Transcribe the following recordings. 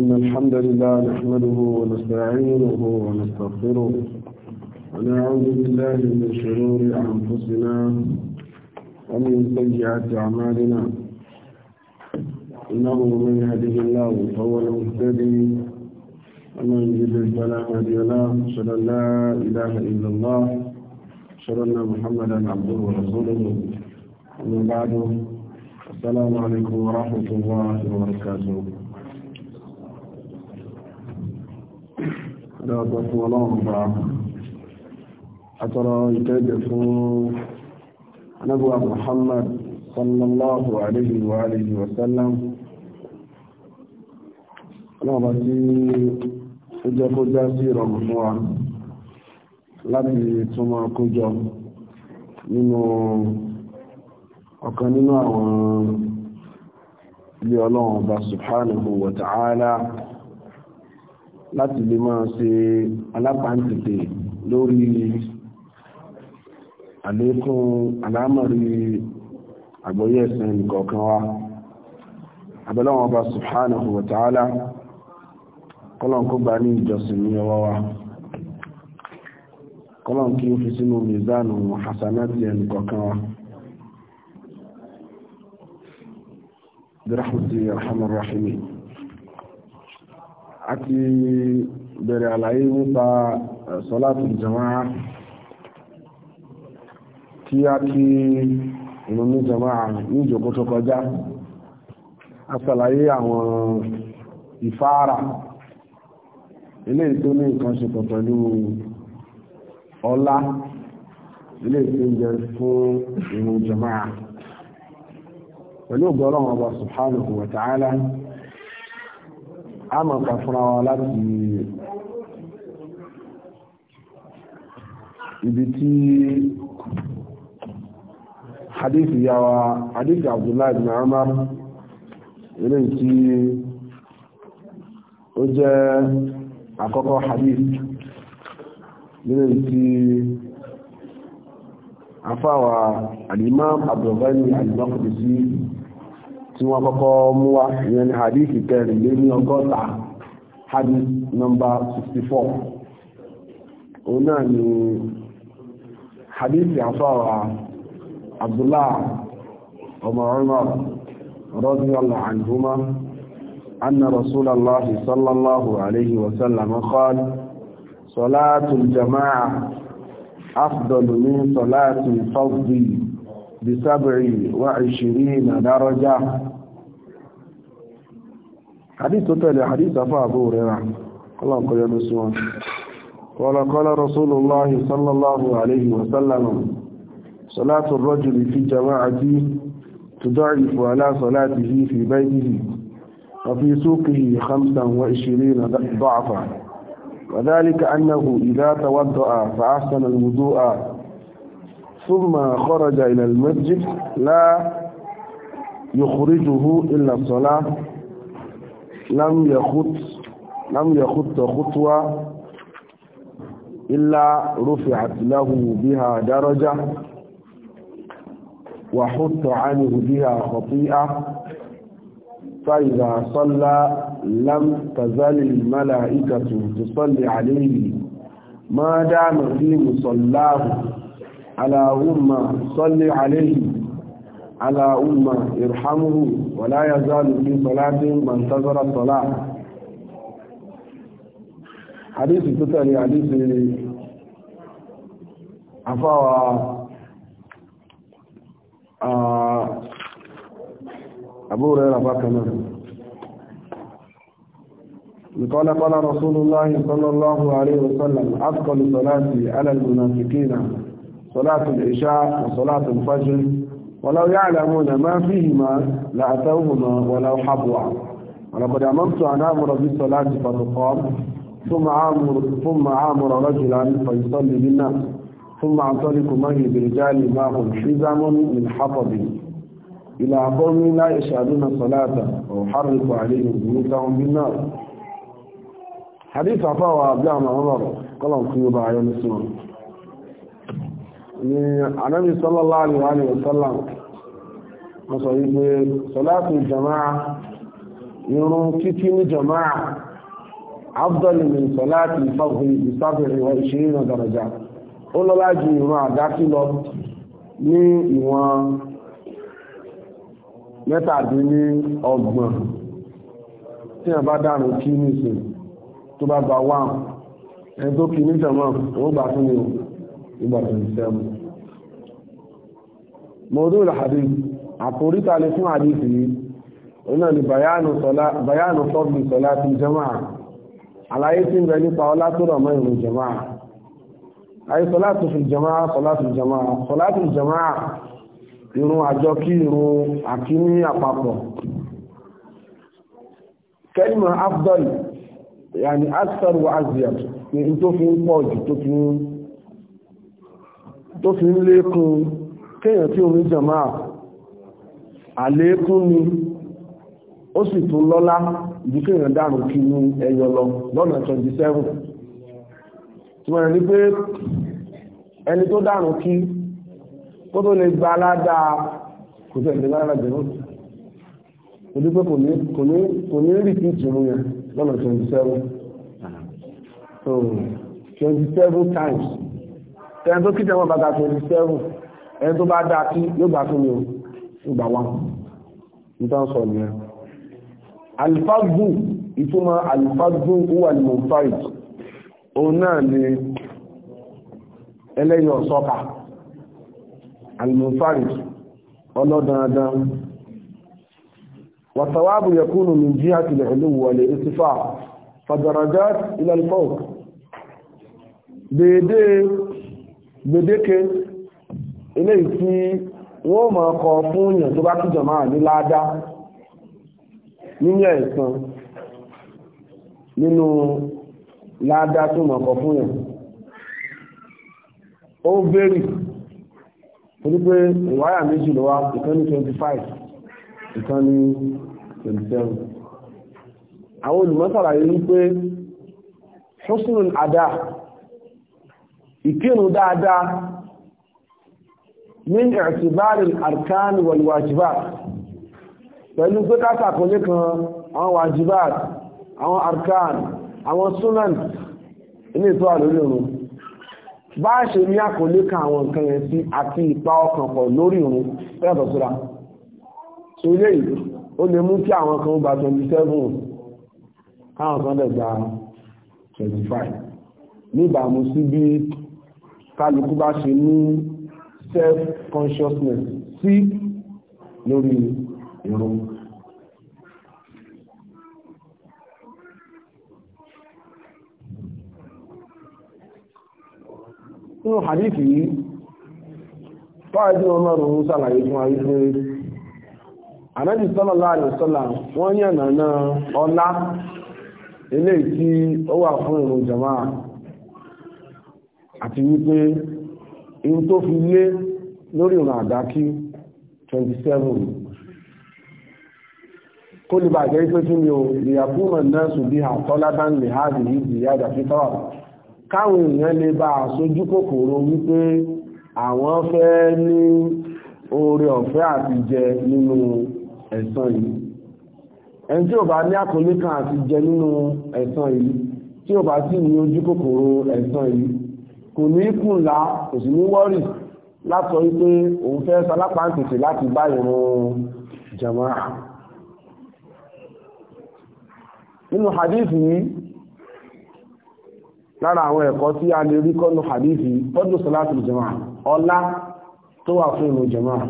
إن الحمد لله نحمده ونستعينه ونستغفره ونعوذ بالله من شرور أنفسنا ومن سيئات أعمالنا إنه من يهده الله فهو المهتدي ومن يضلل فلا هادي له أشهد أن لا إله إلا الله أشهد أن محمدا عبده ورسوله أما بعد السلام عليكم ورحمة الله وبركاته lọ́pọ̀ fún ọlọ́run bá àtọrọ ìtẹ́jẹ̀ fún anábúwa Muhammad sallallahu alaihi wa alihi wa sallam ọlọ́ọ̀bá tí ó jẹ́ kó já sí ìrọ̀mù fún wa láti túnmọ̀ kójọ nínú ọ̀kan nínú àwọn ilé ọlọ́run bá subhanahu wa ta'ala láti lè máa ṣe alápáǹtìtì lórí àlékún alámọ̀rí àgbọ́yé ẹ̀sìn nìkọ̀ọ̀kan wa abẹ́lọ́wọ́n ọba subhanahu wa ta'ala kọ́lọ̀n kó gba ní ìjọsìn ní ọwọ́ wa kọ́lọ̀n kí ó fi sínú mìzánù hasanati ẹnìkọ̀ọ̀kan wa برحمته يا ارحم الراحمين a ti bẹ̀rẹ̀ àlàyé nípa eh, sọ́látù jama'a tí a kí inú jama'a ní ìjòkó tó kọjá a sàlàyé àwọn ìfáàrà ilé tó ní nǹkan ṣe pọ̀ pẹ̀lú ọlá ilé tó ń jẹ fún inú jama'a pẹ̀lú ọgbọ́rọ̀ ọba subhanahu wa ta'ala a mọ̀ kà fúnra wa láti ibi tí hadith yawa hadith abdullahi ibn umar ilé tí ó jẹ́ àkọ́kọ́ hadith ilé tí afáwà al-imam abdulghani al-maqdisi tí wọ́n kọ́kọ́ mú wá ìyẹn ni hadith kẹrin lé ní ọgọ́ta hadith number 64 òun náà ni hadith àfọ́wà abdullah ọmọ umar radiyallahu anhuma anna rasulallah sallallahu alayhi wa sallam qala salatul jama'a afdalu min salatil fadhi بسبع وعشرين درجة حديث تالي حديث أبا أبو هريرة الله قل يا نسوان قال قال رسول الله صلى الله عليه وسلم صلاة الرجل في جماعته تضعف على صلاته في بيته وفي سوقه خمسا وعشرين ضعفا وذلك أنه إذا توضأ فأحسن الوضوء ثم خرج إلى المسجد لا يخرجه إلا الصلاة لم يخط لم يخط خطوة إلا رفعت له بها درجة وحط عنه بها خطيئة فإذا صلى لم تزل الملائكة تصلي عليه ما دام في مصلاه اللهم صل عليه على أمة ارحمه ولا يزال في صلاة من انتظر الصلاة حديث تتالي حديث أفاوى أبو هريرة بكنا قال قال رسول الله صلى الله عليه وسلم أثقل صلاتي على المنافقين صلاة العشاء وصلاة الفجر ولو يعلمون ما فيهما لأتوهما ولو حبوا ولقد أمرت أن آمر بالصلاة فتقام ثم آمر ثم آمر رجلا فيصلي بالناس ثم أنطلق معي برجال معهم حزم من حطب إلى قوم لا يشهدون الصلاة وأحرق عليهم بيوتهم بالنار حديث عفاوة عبد الله عمر قال في بعض السنة ni anábì sallallahu alaihi wa sallam wọ́n sọ wípé sọ́látù jama'a irun kíkí ní jama'a afdọ́lì min sọ́látù faghi ìsáfẹ̀rẹ̀ wa ishirina daraja ó lọ́lá ju irun àdákí lọ ní ìwọ̀n mẹ́tàdínní ọgbọ̀n tí wọ́n bá dànù kí ní ìsìn tó bá gba wáhùn ẹni tó kì jama'a ó gbà fún mi nígbà tó ń sẹ́mu mọ́dún ìlàhàdí àkóríta lè fún àdífì yìí oná ni bayanu fọ́bí sọlá ti jama'a àlàyé tí ń bẹ nípa ọlá tó rọ̀ mọ́ ìrùn jama'a ayé sọlá tó fi jama'a sọlá tó jama'a sọlá tó jama'a irun àjọ kí irun àkíní àpapọ̀ kẹ́lìmọ̀ afdal yàní asar wa aziyar ni tó fi ń pọ̀ jù tó fi ń tó fi ń lékún kéèyàn tí omi jàmá àlékún ni ó sì tún lọ́lá ìdí kéèyàn dànù kí ní ẹyọ lọ lọ́nà 27 tí wọ́n rí pé ẹni tó dànù kí kó tó lè gba aládàá kò tẹ̀ lè lára jẹ̀rọ ojú pé kò ní kò ní kò ní rí kí ìtùnú yẹn lọ́nà 27 so 27 times tẹ́ni tó kí tẹ́wọ́n bá ga twenty seven ẹni tó bá dá kí yóò gbà fún mi o yóò wá nítorí sọ nìyẹn. alifagbu ìtumọ̀ alifagbu wà ní mumfaid òun náà ni ẹlẹ́yìn ọ̀sọ́ka almufari ọlọ́dandan wàtàwàbù yakúnù min jíhà ti lè ìlú wọlé ìsìfà fàdàrájá ilẹ̀ ìfọ́k gbèdéke eléyìí tí wọ́n mọ̀ ọkọ̀ fún èèyàn tó bá kíjọ máa ní láádá nínú ẹ̀sán nínú láádá tó mọ̀ ọkọ̀ fún èèyàn ó bẹ́rì torí pé ìwáyà méjì ló wá ìkan ní 25 ìkan ní 27 àwọn olùmọ́sàlàyé wípé ṣọ́sùn àdá ìkírun dáadáa ní ẹ̀tìbárì arkan wàlúwàjibáà pẹ̀lú pé kásàkólé kan àwọn wàjibáà àwọn arkan àwọn sunan ilé ìtọ́ àlórí òun bá ṣe ní àkólé kan àwọn nǹkan yẹn sí àti ipa ọkàn pọ̀ lórí òun fẹ́ẹ̀tọ̀ síra so ilé yìí ó lè mú kí àwọn kan gba 27 káwọn kan dẹ̀ gba 25 níbàámu sí bí kálukú bá ṣe ní self-consciousness sí lórí ìrun. nínú hadithi yìí fáàdì ọmọ ọ̀rọ̀ sàlàyé fún ayé Ànábì sallallahu alaihi wasallam wọ́n yànnà náà ọlá ilé tí ó wà fún ìrun jama'a àti wípé in tó fi lé lórí ìrìn àdákí 27 kó lè bàjẹ́ pé kí ni o ìyàkúnmọ̀ náà sùn bí àtọ́lábá ń lè háàbì yìí ìyájà fi tọ́wà káwọn èèyàn lè bá aṣojú kòkòrò wípé àwọn fẹ́ ní oore ọ̀fẹ́ àti jẹ nínú ẹ̀san yìí ẹni tí ò bá ní àkọlé kan àti jẹ nínú ẹ̀san yìí tí ò bá sì ní ojú kòkòrò ẹ̀san yìí kò ní kùnlá kò sì ní wọ́rì látọ̀ wípé òun fẹ́ salápá ń tètè láti bá ìrun jàmáà nínú hadith yìí lára àwọn ẹ̀kọ́ tí a lè rí kọ́nù hadith yìí fọ́dún salatul jàmáà ọlá tó wà fún ìrun jàmáà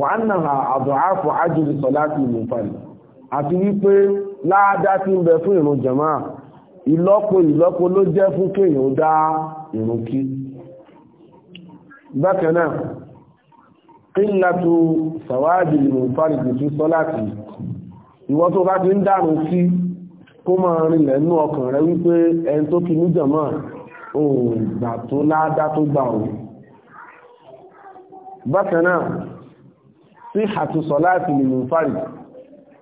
wà náà àdùáfù ájúlù salatul mùfàlì àti wípé láàdá tí ń bẹ fún ìrun jàmáà ìlọ́po ìlọ́po ló jẹ́ fún kéèyàn dá ìrun kí bákan náà qillatu sàwádìí al-munfarid fi salati ìwọ tó bá ti ń dárun kí kó máa rinlẹ̀ nú ọkàn rẹ wípé ẹni tó kí níjàmọ́ òun ìgbà tó ládá tó gbà òun bákan náà sihhatu salati al-munfarid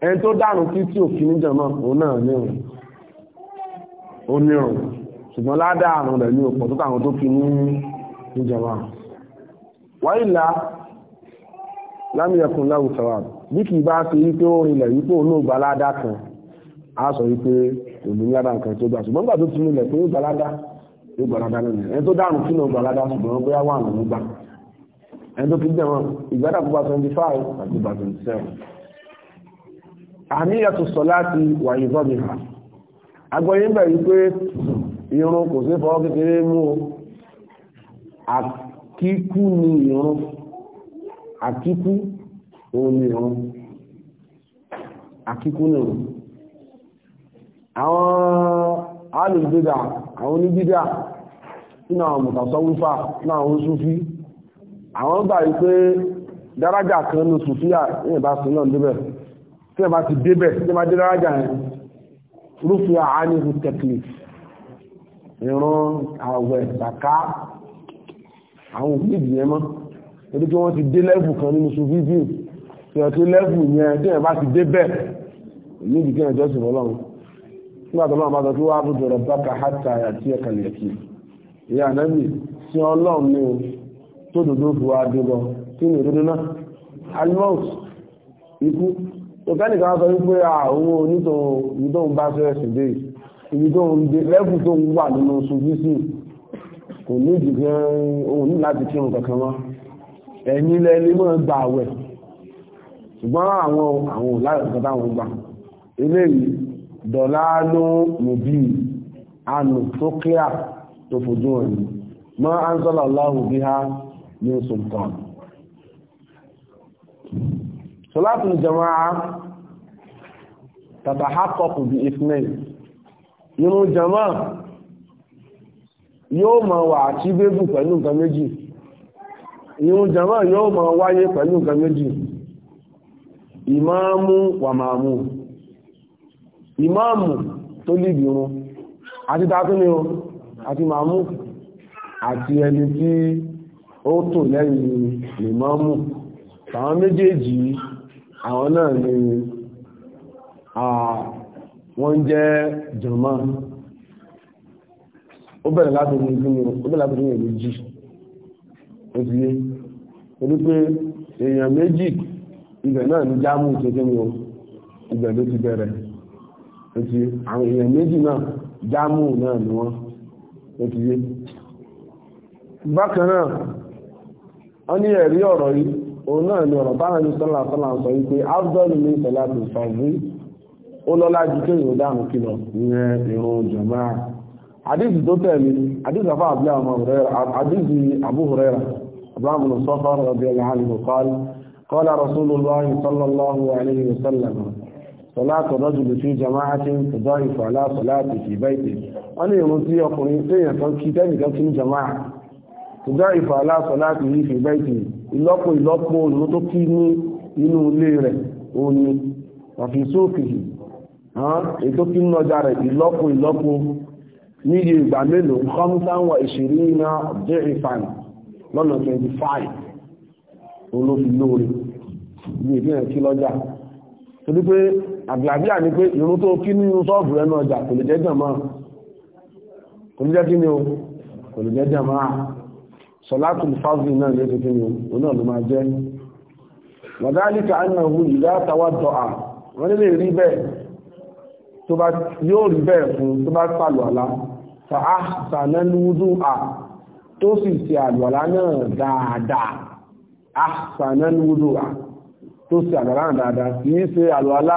ẹni tó dárun kí tí ò kí níjàmọ́ òun náà ní òun ó nírun ṣùgbọ́n ládàá àrùn rẹ̀ ní òpò tó káwọn tó fi ní ìjọba wáìlà lámìyẹkùn láwùsọ̀wà bí kì í bá ṣe wípé ó rinlẹ̀ wípé òun náà gba ládàá kan á sọ wípé kò ní ládàá kan tó gbà ṣùgbọ́n gbà tó ti rinlẹ̀ pé ó twenty five àti bá twenty seven àníyàtò sọ láti wàyí zọ́bì hàn agbọ́yé ń bẹ̀rù pé irun kò sí fọwọ́ kékeré mú o àkíkú ni irun àkíkú òun ni irun àkíkú ni irun àwọn alùbídà àwọn oníbídà nínú àwọn mọ̀tàsọ́wúfà nínú àwọn súfí àwọn gbà yí pé dárájà kan ní sùfíà ní sí náà débẹ̀ tí ẹ bá ti débẹ̀ tí ẹ bá dé dárájà yẹn rúfin àánihù tẹ̀klif ìran àwẹ̀ ìsàká àwọn òfìdí ẹmọ́ torí kí wọ́n ti dé lẹ́fù kan nínú sufídíò tí ọ̀ tí lẹ́fù yẹn tí ẹ̀ bá ti dé bẹ́ẹ̀ níbi kí ẹjọ́ sìn ọlọ́run nígbà tó lọ́run bá sọ pé wàá bùdó rẹ̀ bákà hátà àti ẹ̀kàlẹ̀ ẹ̀kì ìyá ànábì sí ọlọ́run ní o tó dòdó fi wá dé lọ kí ni òdodo náà alimọ́ọ̀sì tòkẹ́nì kan sọ wípé àwọn onítòun ibi tó ń bá sẹ́rẹ̀ sí dé ibi tó ń dé lẹ́kùn tó ń wà nínú sojúsì kò ní ìdìgbẹ́ ohun ní láti kí ohun kankan mọ́ ẹ̀yìn ilẹ̀ ilé mọ́ gba àwẹ̀ ṣùgbọ́n àwọn àwọn òláyọ̀ kan táwọn gbà eléyìí dọ̀lá ló mòbí àánú tó kíá tó fojú wọn mọ́ anzọ́lá ọláhùn bí ha ní sultan صلاة الجماعة تتحقق باثنين nínú jama yóò ma wà àti bébù pẹ̀lú nǹkan méjì nínú jama yóò ma wáyé pẹ̀lú nǹkan méjì ìmáàmù wà máa mú ìmáàmù tó lìbì run àti tàbí o àti máàmù àti ẹni tí ó tò lẹ́yìn ìmáàmù tàwọn méjèèjì yìí àwọn náà ni wọ́n jẹ́ jọmọ́ ó bẹ̀rẹ̀ láti ní ìgbìmọ̀ ó bẹ̀rẹ̀ láti ní èméjì ó ti yé torí pé èèyàn méjì ibẹ̀ náà ní jámù ìṣẹ́jẹ́ mi o ibẹ̀ ló ti bẹ̀rẹ̀ ó ti àwọn èèyàn méjì náà jámù náà ni wọ́n ó ti yé bákan wọ́n ní ẹ̀rí ọ̀rọ̀ yìí òun náà ni ọ̀rọ̀ báwọn ẹni sọ́là sọ́là sọ wípé afdọ́lù ní ìṣẹ̀lá tó sọ̀rí ó lọ́lá ju kí èèyàn dáhùn kìlọ̀ ìyẹn ìrun jọ̀mọ́ àdìsí tó tẹ̀lé àdìsí afá àbúlé àwọn ọ̀rẹ́ra àdìsí Abu Hurairah abúláwọn ọmọ sọ́fà rọ̀bì aláhàlì kọ́lá kọ́lá Rasulullah sallallahu alayhi wa sallam sọláàtọ̀ rọ́jùlù tí jama'a ti ń tọ́jọ́ ìfọ̀lá sọláàtì fi báyìí wọ́n ní ìrun tí ìlọ́po ìlọ́po òun tó kí ní inú ilé rẹ̀ òun ni ọ̀fìn sóòkè èyí tó kí nínú ọjà rẹ̀ ìlọ́po ìlọ́po níye ìgbà mélòó kọ́mítánwọ̀ ìṣèrí iná bẹ́ẹ̀ fan lọ́nà 25 òun ló fi lóore ní ìpínlẹ̀ kí lọ́jà torí pé àgbàbíà ni pé irun tó kí nínú sọ́ọ̀bù rẹ̀ náà ọjà kò lè jẹ́ jàmáà kò lè jẹ́ kí ni o kò lè jẹ́ jàmáà sọ̀látù fásitì náà ló ti fi ní òun náà ló máa jẹ́ wàdálíkà annahu ìdá tawadọ̀ à wọ́n lè rí bẹ́ẹ̀ tó bá yóò rí bẹ́ẹ̀ fún tó bá pàlù àlá fa á sànà lúdú à tó sì ti àlùwàlá náà dáadáa á sànà lúdú à tó sì àlùwàlá náà dáadáa kì í ṣe àlùwàlá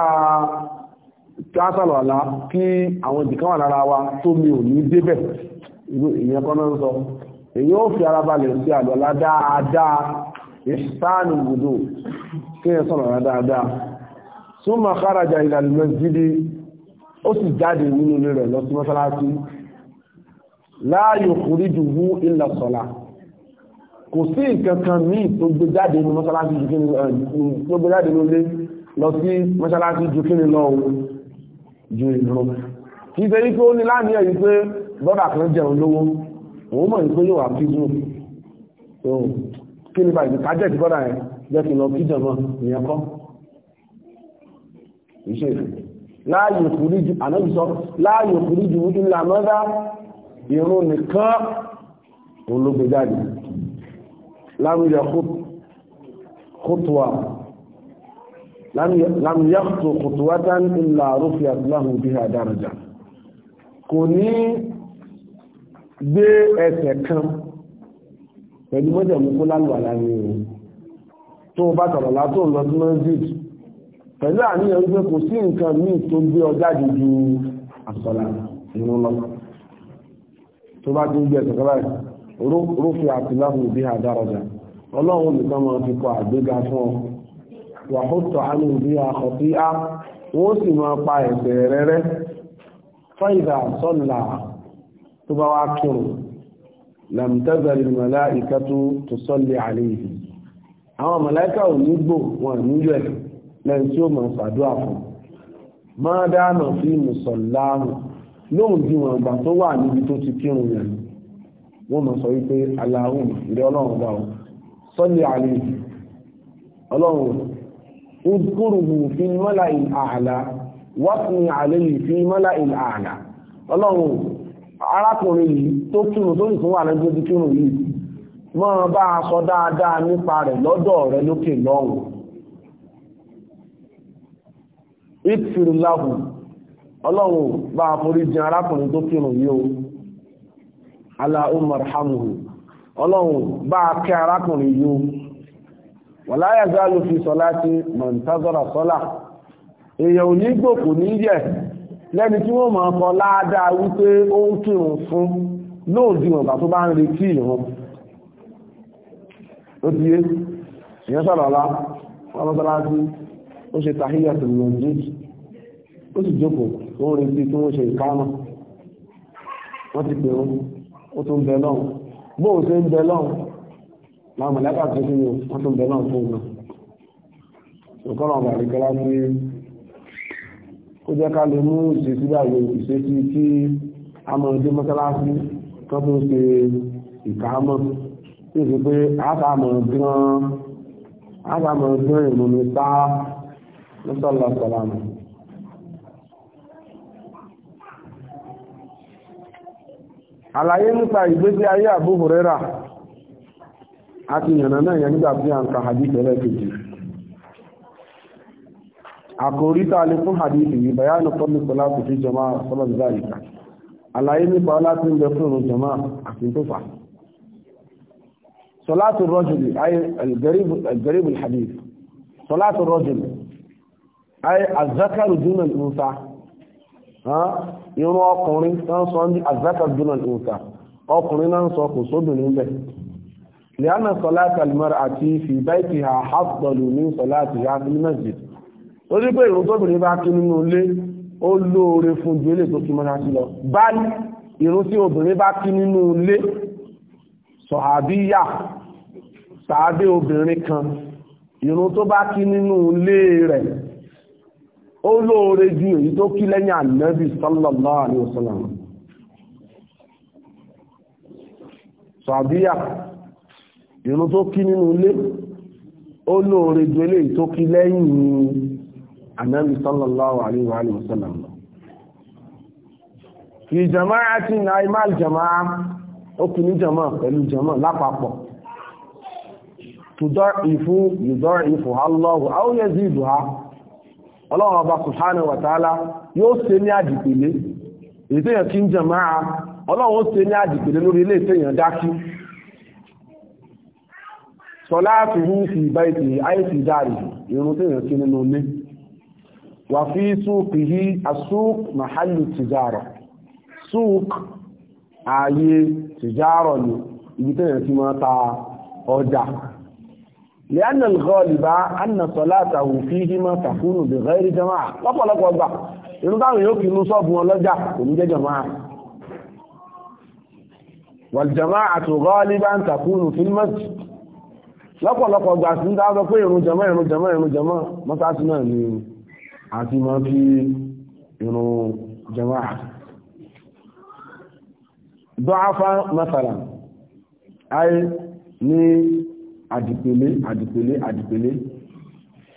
kásàlùwàlá kí àwọn ìdìkan wà lára wa tó mi ò ní débẹ̀ ìyẹn kan náà ń sọ èyí ó fi ara balẹ̀ sí àlọ́lá dáadáa ìsáàlù gbùdó kí ẹ sọ̀rọ̀ rẹ̀ dáadáa súnmọ̀ kárajà ìlànà mẹ́sídì ó sì jáde nínú ilé rẹ̀ lọ sí mọ́sálásí láàyò kùrí jù wú ilẹ̀ sọ̀la kò sí nǹkan kan míì tó gbé jáde ní mọ́sálásí ju kíni eh, tó gbé jáde lólé lọ sí mọ́sálásí ju kíni lọ ju ìlú kì ṣe wípé ó ní láàmì ẹ̀yí pé bọ́dà kan jẹun lówó òun mọ̀ ìpé yóò wà fíìmù tó kí ní báyìí kájẹ̀ ti bọ́dà yẹn jẹ́ kí lọ kíjọ mọ́ ìyẹn kọ́ ìṣe láàyè fúríjì ànábìsọ láàyè fúríjì ńlá mọ́dá irun nìkan òun ló gbé jáde lámúyẹ bí i àdárajà kò ní gbé ẹsẹ̀ kan pẹ̀lú mọ́jọ̀mú kó lálùwàlá ní ìrìn tó bá tọ̀rọ̀ látó lọ sí mọ́síd pẹ̀lú àníyàn wípé kò sí nǹkan míì tó gbé ọjà dúdú àsọ̀là ìrún lọ tó bá ti ń gbé ẹsẹ̀ kọ́lá rúfin àti láhùn bí àdáraja ọlọ́run nìkan máa fi kọ àgbéga fún ọ wàhútọ̀ ánú bí àkọ́tí á wọ́n sì máa pa ẹ̀sẹ̀ rẹ́rẹ́ fáìdà sọ́là tó bá wá kírun lamtazali malaikatu tusalli alayhi àwọn màláíkà ò ní gbò wọn níyọ ẹ̀ lẹ́yìn tí ó mọ̀ ṣàdúrà fún máa dáná sí mùsọ̀láàmù lóhùn bí wọn gbà tó wà níbi tó ti kírun yẹn wọn mọ̀ sọ wípé aláhùn ìrẹ́ ọlọ́run bá wọn sọ́lé ọlọ́run ìkúrùhù fi mọ́lá ìlàlá wọ́pìn àlejò fi mọ́lá ìlàlá ọlọ́run arákùnrin yìí tó kírun tó nìkan wà lẹ́jọ́ bí kírun yìí máa bá a sọ dáadáa nípa rẹ̀ lọ́dọ̀ rẹ̀ lókè lọ́hùn ìtìrìláhùn ọlọ́run bá a forí jìn arákùnrin tó kírun yìí o aláhùnmarhamuhu ọlọ́run bá a kẹ́ arákùnrin yìí o wà ló fi sọ láti mọ̀ntázọ́rà sọ́là èèyàn ò ní gbòkò ní yẹ̀ lẹ́ni tí wọ́n máa kọ láadáa wípé ó ń kírun fún lóòdì ọ̀gbà tó bá ń retí ìrun ó ti yé ìyẹn sọ̀rọ̀ ọ̀la wọn lọ́sọ́lá sí ó ṣe tàhíyà tó lọ jí ó sì jókòó tó ń retí tí wọ́n ṣe ìkámà wọ́n ti pè wọ́n ó tún bẹ lọ́hùn bóun ṣe ń bẹ lọ́hùn làwọn mọ̀lẹ́kà tó ṣe wọ́n tún bẹ lọ́hùn fún un náà ìkọlọ̀ ọ̀gbà àríkẹ́lá sí kó jẹ́ ká lè mú ìṣesí báyìí ìṣesí kí a mọ̀ dé mọ́sálásí tó tó ṣe ìkámọ́ tí ó sì pé àtàmọ̀ gan àtàmọ̀ gan ìmọ̀mí sá lọ́sọ̀lọ́ sọ̀lámù. àlàyé nípa ìgbésí ayé Abu Hurairah àti ìyànnà náà yẹn nígbà tí a ń ka hadith ẹlẹ́kejì àkòrí tá a lè fún hadithi yìí bayanu fọ́nmi sọlá kò fi jọmọ́ sọlá ìgbà ìka àlàyé nípa láti ń bẹ fún òun jọmọ́ àti tó fà. sọlá tó rọ́jùlì ayé algaribu hadith sọlá tó rọ́jùlì ayé azakaru dunan nsa irun ọkùnrin náà sọ ní azakaru dunan nsa ọkùnrin náà sọ kò sóbìnrin bẹ́ẹ̀. لأن صلاة المرأة في بيتها أفضل من صلاتها في المسجد torí pé ìrun tóbìnrin bá kí nínú ilé ó lóore fún ju ilé tó kí mọ́ra sí lọ báyìí ìrun tí obìnrin bá kí nínú ilé sọ̀hábíyà tàbí obìnrin kan ìrun tó bá kí nínú ilé rẹ̀ ó lóore ju èyí tó kí lẹ́yìn ànábì sallallahu alaihi wasallam sọ̀hábíyà ìrun tó kí nínú ilé ó lóore ju eléyìí tó kí lẹ́yìn ànábì sallallahu alayhi wa alihi wa fi na jama'a ó jama'a pẹ̀lú jama'a lápapọ̀ tudọ́ ifu, yudọ́ ìfú allahu aw yaziduha ọlọ́run ọba subhanahu wa ta'ala yóò ṣe ní àdìpèlé eteyan kí jama'a ní àdìpèlé wà fi súùkìhí asúùk mahallu tìjárọ̀ súùk ààyè tìjárọ̀ ni ibi tẹ́yẹ̀ tí máa ta ọjà lẹ́yìn alghọ́lìbá anna sọ́láta hù fi hí máa tàkúnù bí gẹ́rí jama'a lọ́pọ̀lọpọ̀ gbà inú táwọn yóò kì inú sọ́ọ̀bù wọn lọ́jà kò ní jẹ́ jama'a wal jama'a tó gọ́ọ̀lìbá ń tàkúnù fil masjid lọ́pọ̀lọpọ̀ gbà sí ń dáwọ́ pé ìrun jama'a ìrun jama'a ìrun jama'a mọ́sáàtì náà ni àti máa fi irun jama'a dọ́afá mẹ́fàlá ayé ní àdìpele àdìpele àdìpele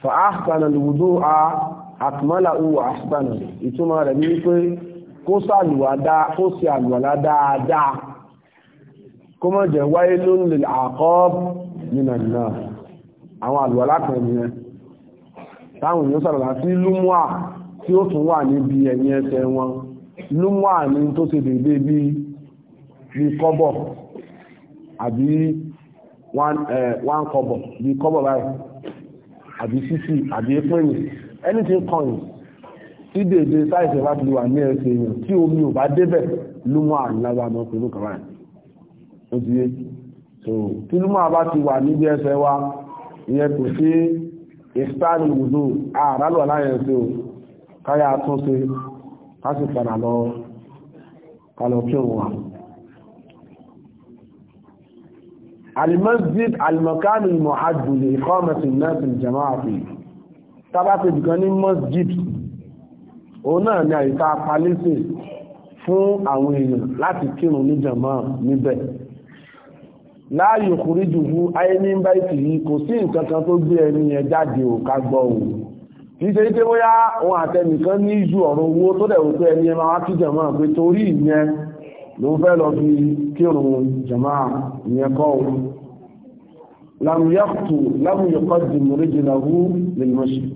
fa ahsana lùwùdó a àtìmọ́là uwa ahsana ìtumọ̀ rẹ̀ ní wípé kó sí àlùwàlá dáadáa kó mọ́ jẹ́ wáyé lónìí àkọ́ nínú náà àwọn àlùwàlá kan nìyẹn táwọn èèyàn sàrọ̀lá sí lúmọ́à tí ó tún wà níbi ẹ̀yìn ẹsẹ̀ wọn lúmọ́à ní tó ṣe dédé bí bí kọ́bọ̀ àbí one kọ́bọ̀ bí kọ́bọ̀ báyìí àbí sísì àbí pínì anything coin tí dédé sáìsẹ̀ bá ti wà ní ẹsẹ̀ èèyàn tí omi ò bá débẹ̀ lúmọ́à lára ọmọ pẹ̀lú kàrá tí lúmọ́à bá ti wà níbi ẹsẹ̀ wa ìyẹn kò sí ìstáàlì ìwùdó àrálù aláyẹ̀ sí o káyà tún sí káṣì padà lọ kalọ̀ kí òun wà alìmọ́síd alìmọ̀kánù ìmọ̀ ìkọ́mẹ̀sì nẹ́sìn jama'a fi tábàtì ní mọ́síd òun náà ni àyíká palẹ́sì fún àwọn èèyàn láti kírun ní jama'a níbẹ̀ láàyò kúrí jùlú ayé ní báyìí yìí kò sí nǹkan kan tó gbé ẹni yẹn jáde ò ká gbọ́ ò kì í ṣe pé bóyá òun àtẹnìkan ní ìṣù ọ̀rọ̀ owó tó dẹ̀ wò pé ẹni yẹn máa wá kí jẹ̀mọ́ pé torí ìyẹn ló fẹ́ lọ fi kírun jẹ̀mọ́ ìyẹn kọ́ ò lámùyàkùtù lámùyàkọ́ dìmúrí jìnnà hú lè mọ̀ṣẹ̀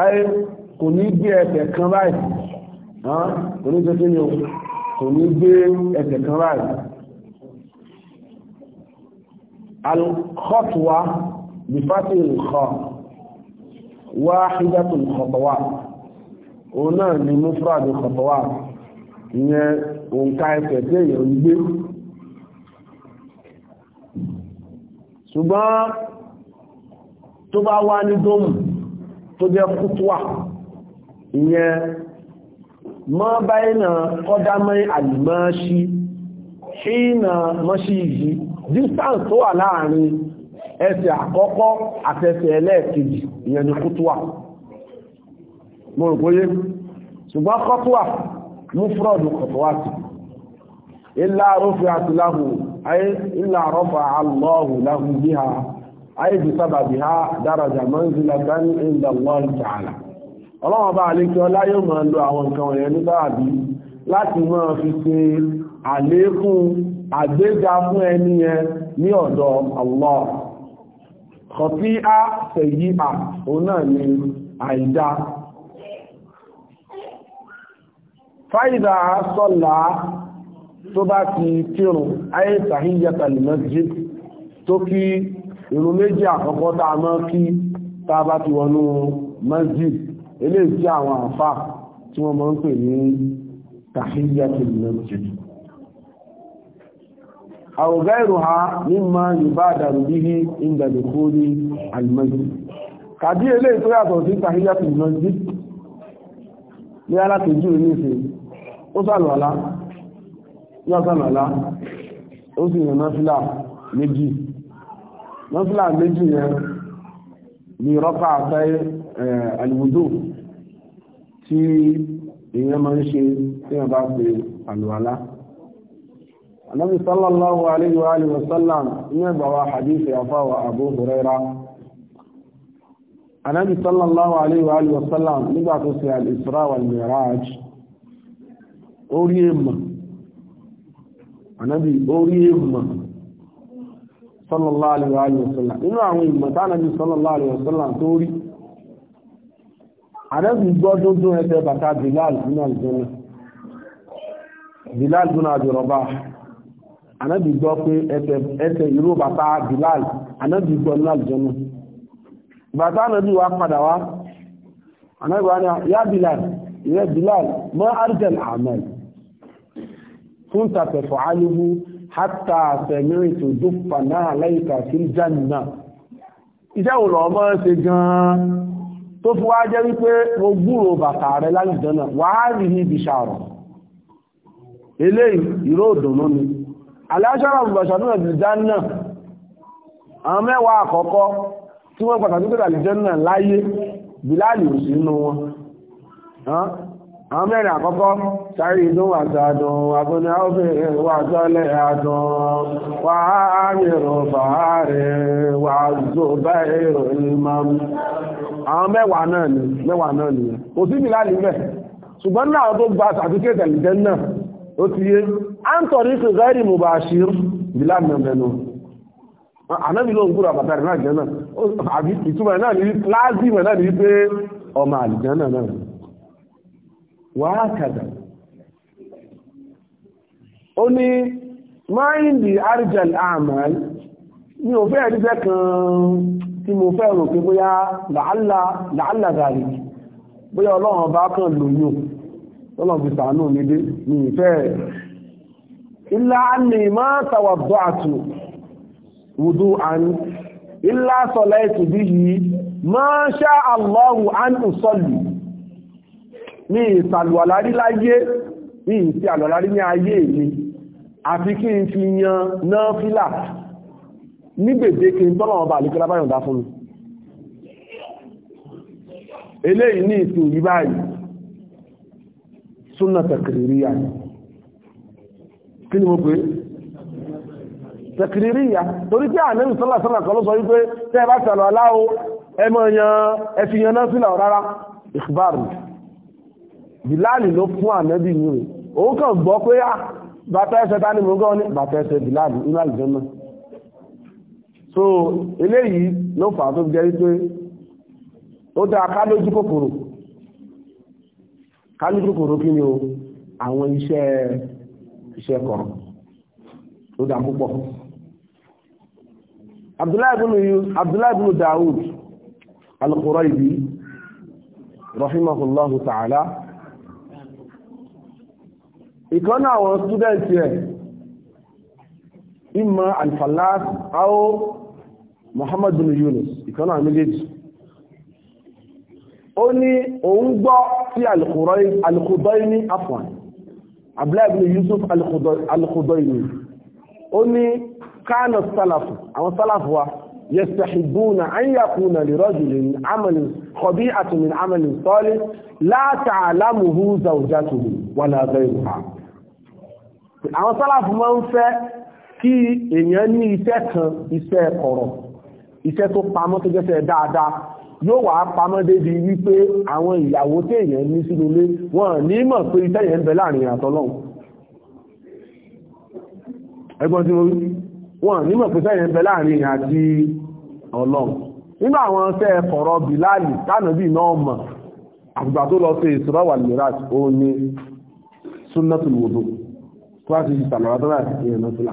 ayé kò ní gbé ẹsẹ̀ kan báyìí kò ní gbé ẹsẹ̀ kan báyìí الخطوة بفتح الخاء واحدة الخطوات هنا لمفرد الخطوات هي òǹkà ẹsẹ̀ tí èèyàn ń gbé ṣùgbọ́n tó bá wá ní dómù tó jẹ́ kútùwà ìyẹn mọ́ báyìí náà kọ́dámẹ́ àlìmọ́ṣí ṣí náà mọ́ṣí yìí distance tó wà láàrin ẹsẹ̀ àkọ́kọ́ àtẹsẹ̀ ẹlẹ́ẹ̀kejì ìyẹn ni kútúwà mo rò bóyé ṣùgbọ́n kọ́túwà mú fúrọ̀dù kọ̀tọ̀wà sí ilá rọ́fì àti láhù ayé ilá rọ́fà alọ́hù láhù bí ha ayé bí sábà bí ha daraja manzila tani inda Allah ta'ala ọlọ́wọ́n bá alékẹ́ ọlá yóò máa lo àwọn nǹkan wọ̀nyẹn ní sáàbí láti máa fi ṣe àlékún àgbéga fún ẹni yẹn ní ọ̀dọ̀ Allah kọ̀tí á fẹ̀yí à òun náà ni àìdá fáìdà sọ́lá tó bá ti kírun ayé tàhíyàtà lè mẹ́jì tó kí irun méjì àkọ́kọ́ tá mọ́ kí tá bá ti wọnú mẹ́jì eléyìí tí àwọn àfà tí wọ́n mọ́ ń pè ní tàhíyàtà lè mẹ́jì àwògáìrùhá mímọ̀ yorùbá àdàrùbí ní ìgbàlùkú ní alìmọ́jú kàbí ilé tó yàtọ̀ sí tàhíyà tó mọ́jú ní alákejì oníṣe ó sàlọ̀lá yọ́sàlọ̀lá ó sì yàn náfílà méjì náfílà méjì yẹn ní rọ́pà àtẹ́ alìwùdó tí èèyàn máa ń ṣe tí wọ́n bá pe àlùwàlá النبي صلى الله عليه وآله وسلم يبوى حديث أفا أبو هريرة النبي صلى الله عليه وآله وسلم يبقى في الإسراء والمعراج أوريم النبي أوريم صلى الله عليه وآله وسلم إنه عوين متى النبي صلى الله عليه وسلم توري النبي قد دون هذا بكى بلال من الجنة بلال دون أبي رباح anábì gbọ́ pé ẹsẹ̀ ìró bàtà Bilal anábì gbọ́ ní àlùjọ́nù bàtà anábì wa padà wá anábì wa ní yá Bilal ìrẹ́ Bilal mọ́ arjel ahmed fún tàtẹ̀fọ̀ alihu hátà sẹ̀mírì tó dúpà náà lẹ́yìnkà sí jannah iṣẹ́ òlò ọmọ ṣe gan-an tó fi wá jẹ́ wípé mo gbúrò bàtà rẹ lálùjọ́nà wàá rí ibi ṣàrọ̀ eléyìí ìró òdùnnú ni aláṣọ́rọ̀ ìbọ̀ṣọ̀nà ìjánà àwọn mẹ́wàá àkọ́kọ́ tí wọ́n pàtàkì tó àlìjánà láyé bíláàlì òsì inú wọn àwọn mẹ́rin àkọ́kọ́ sáré inú àtàdùn àbúni àwọ́fẹ́ wà sọ́lẹ̀ àdùn wà áàrẹ̀rọ bàárẹ̀ wà zò báyẹ̀rọ ìmọ̀mù àwọn mẹ́wàá náà ni mẹ́wàá náà ni kò sí bíláàlì bẹ̀ ṣùgbọ́n náà tó gba sàtíkẹ́tẹ̀ àlìjánà náà ó ti yé antori ṣe zairi mubashir bilal mẹ́mẹ́nu anábi ló ń gúrò àbàtàrí náà jẹ́ náà àbí ìtumọ̀ náà ní lázìmọ̀ náà ní pé ọmọ àlìjánà náà wà á kàdà ó ní máìndì arjal amal ní òfẹ́ ẹ̀rífẹ́ kan tí mo fẹ́ rò pé bóyá làálà làálà gàrí bóyá ọlọ́run ọba tọ́lọ̀n fi sàánù mi dé ní ìfẹ́ ẹ̀ ilá ní máa tàwàdọ́ àtù wùdú àn ilá sọ̀lẹ̀ ètò bí yìí máa ṣá àlọ́rù àn ìsọ̀lù ní ìsàlùwàlárí láyé ní ìsí àlọ́lárí ní ayé mi àfi kí n fi yan náà fílà ní gbèdéke tọ́lọ̀ ọba àlùkọ́lá báyọ̀dá fún mi eléyìí ní ìsìn yìí báyìí súnà tẹ̀kìrìríyà kí ni mo pè tẹ̀kìrìríyà torí pé ànẹ́bì sọ́làsọ́là kan ló sọ wípé tẹ́ bá sàlọ̀ aláwọ̀ ẹmọ yan ẹfihàn náà sílà rárá ìkbàrù bìláàlì ló fún ànẹ́bì ní rẹ̀ òun kàn gbọ́ pé á ah, bàtà ẹsẹ̀ tá ní mo gọ́ ní bàtà ẹsẹ̀ bìláàlì inú àlùjànnà so eléyìí ló fà á tó jẹ́ wípé ó dáa ká lójú kòkòrò kálíkòkòrò kí ni o àwọn iṣẹ́ iṣẹ́ kan ó dá púpọ̀ abdullahi bin daud al-Quraybi rahimahullahu ta'ala ìkan náà àwọn stúdẹ̀ntì ẹ̀ ìmọ̀ al-Fallas aó Muhammad bin Yunus ìkan náà méjèèjì ó ní òun gbọ́ sí alìkùdọ́ìní afọ̀n abúláìbìnì yusuf alìkùdọ́ìní ó ní kánà sálàfù àwọn sálàfù wa yẹ̀sẹ̀hìdúnà ayyàkúnà lèrọ́jùlẹ̀ amalin kọbí àtùmìn amalin sọ́lẹ̀ látàlámùhú zaujátùmù wà lábẹ́rùhá àwọn sálàfù máa ń fẹ́ kí èèyàn ní iṣẹ́ yóò wà pamọ́ débi wípé àwọn ìyàwó tí èèyàn ní sínú ilé wọn ní mọ̀ pé ìtẹ́yẹ̀ ń bẹ láàrin àtọ́lọ́hun ẹgbọ́n tí mo rí wọn ní mọ̀ pé ìtẹ́yẹ̀ ń bẹ láàrin àti ọlọ́hun nígbà àwọn ṣẹ́ ẹ̀kọ̀rọ̀ bìláàlì tánàbì náà mọ̀ àgbà tó lọ sí ìṣúra wà mìíràn ó ní súnnatul wudu tó bá ti di sàlọ́wọ́tọ́ láti ìrìnà fìlà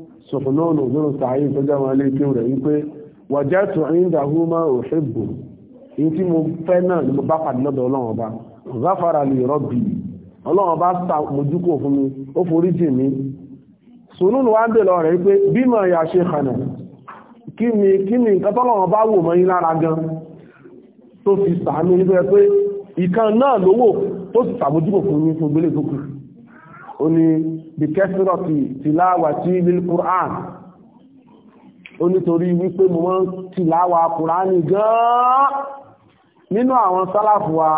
sọ̀fúnnọ́ọ̀nù lórí sàáyé tó jẹ́ wọn lékè rẹ̀ wípé wàjẹ́ tó ń dà hú máa ò ṣe bò èyí tí mo fẹ́ náà ni mo bá pàdé lọ́dọ̀ ọlọ́run ọba gáfàrà lè rọ́bì ọlọ́run ọba ta mojúkò fún mi ó forí jì mí sùnúnù wa ń bè lọ rẹ̀ wípé bí mọ̀ ya ṣe hànà kí ni kí ni nǹkan tọ́lọ́run ọba wò mọ́ yín lára gan tó fi sàánú nípa pé ìkan náà lówó tó sì sàmójúkò fún yín fún gbélé tó kù oni ní bí kẹsìrọ̀ ti tìláwà tí lílì kùrán ó nítorí wípé mo wọ́n tìláwà kùránì gan-an nínú àwọn sálàfù wa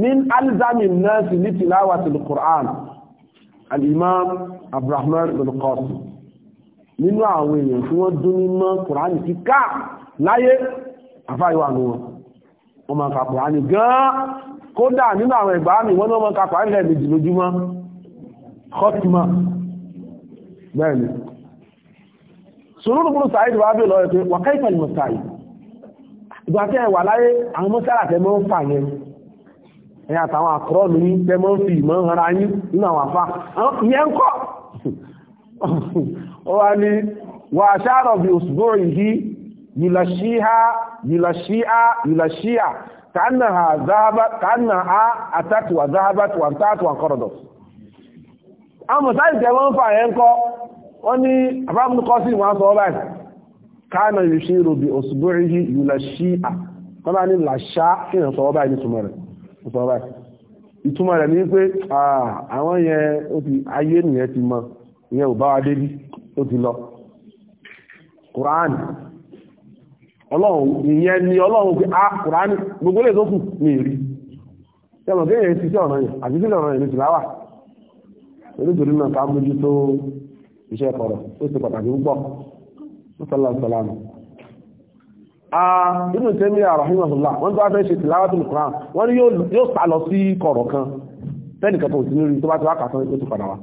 ní alzami náà sì ní tìláwà tìlì kùrán al-imam abdulrahman bin qasim nínú àwọn èèyàn tí wọ́n dún mímọ́ kùránì kíkà láyé àfáyíwà ní wọn kọ́tìmá bẹ́ẹ̀ni sùúrù gbọ́nù sàáìdì wà bí lọ ẹ̀kọ́ wàká ìfẹ̀lì mọ̀sáì ìgbà tẹ́ wà láyé àwọn mọ́sára tẹ́ mọ́ ń fà yẹn ẹ̀yà àtàwọn àkọ́rọ̀ mi ní tẹ́ mọ́ ń fi ìmọ̀ ń yín nínú àwọn àfá yẹn kọ́ amọ̀sáì tẹ wọ́n ń fà ẹ̀ ń kọ́ wọ́n ní abámúkọ́ sí wọn sọ báyìí káànà yìí ṣe rò bí òṣùgbó yìí yìí là ṣí à wọ́n bá ní làṣá kí n sọ báyìí nítumọ̀ rẹ̀ sọ rẹ̀ Quran ọlọ́run ìyẹn ni ọlọ́run pé a ah, Quran gbogbo lè tó kù ní ìrí ṣe onítorí náà ká mójútó iṣẹ́ kọ̀rọ̀ ó sì pàtàkì púpọ̀ mọ́sálàmù inú tẹ́mí àràhìmọ̀sọ́lá wọ́n tó wá fẹ́ ṣe tìláwàtìlù kran wọ́n ni yóò sá lọ sí kọ̀rọ̀ kan tẹ́nìkan tó sínú rí tó bá ti wá kàtán ó ti padà wá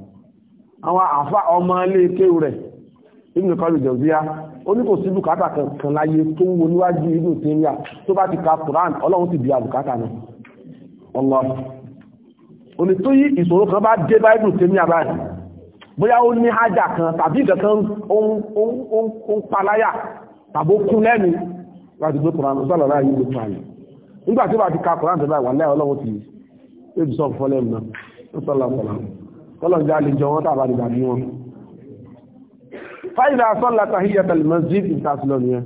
àwọn àfá ọmọ ilé kéwù rẹ̀ inú kọlù jọ̀bíyá ó ní kò sí bùkátà kan láyé tó ń wo níwájú inú tẹ́mí tó bá ti ka Quran Ọlọ́run ti bí abùkátà náà òní tó yí ìṣòro kan bá dé báìbù tí ní àbáyé bóyá ó ní hájà kan tàbí ìkankan ó ń paláyà tàbó kún lẹ́nu láti gbé kùránù sọ́lọ̀ láàyè gbé kùránù nígbà tí ó bá ti ka kùránù tó bá wà láì ọlọ́wọ́ ti ébi sọ fún ọlẹ́nu náà ó sọ́lọ̀ sọ́lọ̀ kọ́lọ̀ ń já lè jọ wọn tàbá lè dàbí wọn. fáìlà sọ́lá tahiyyatul masjid ìtàsílọ̀ nìyẹn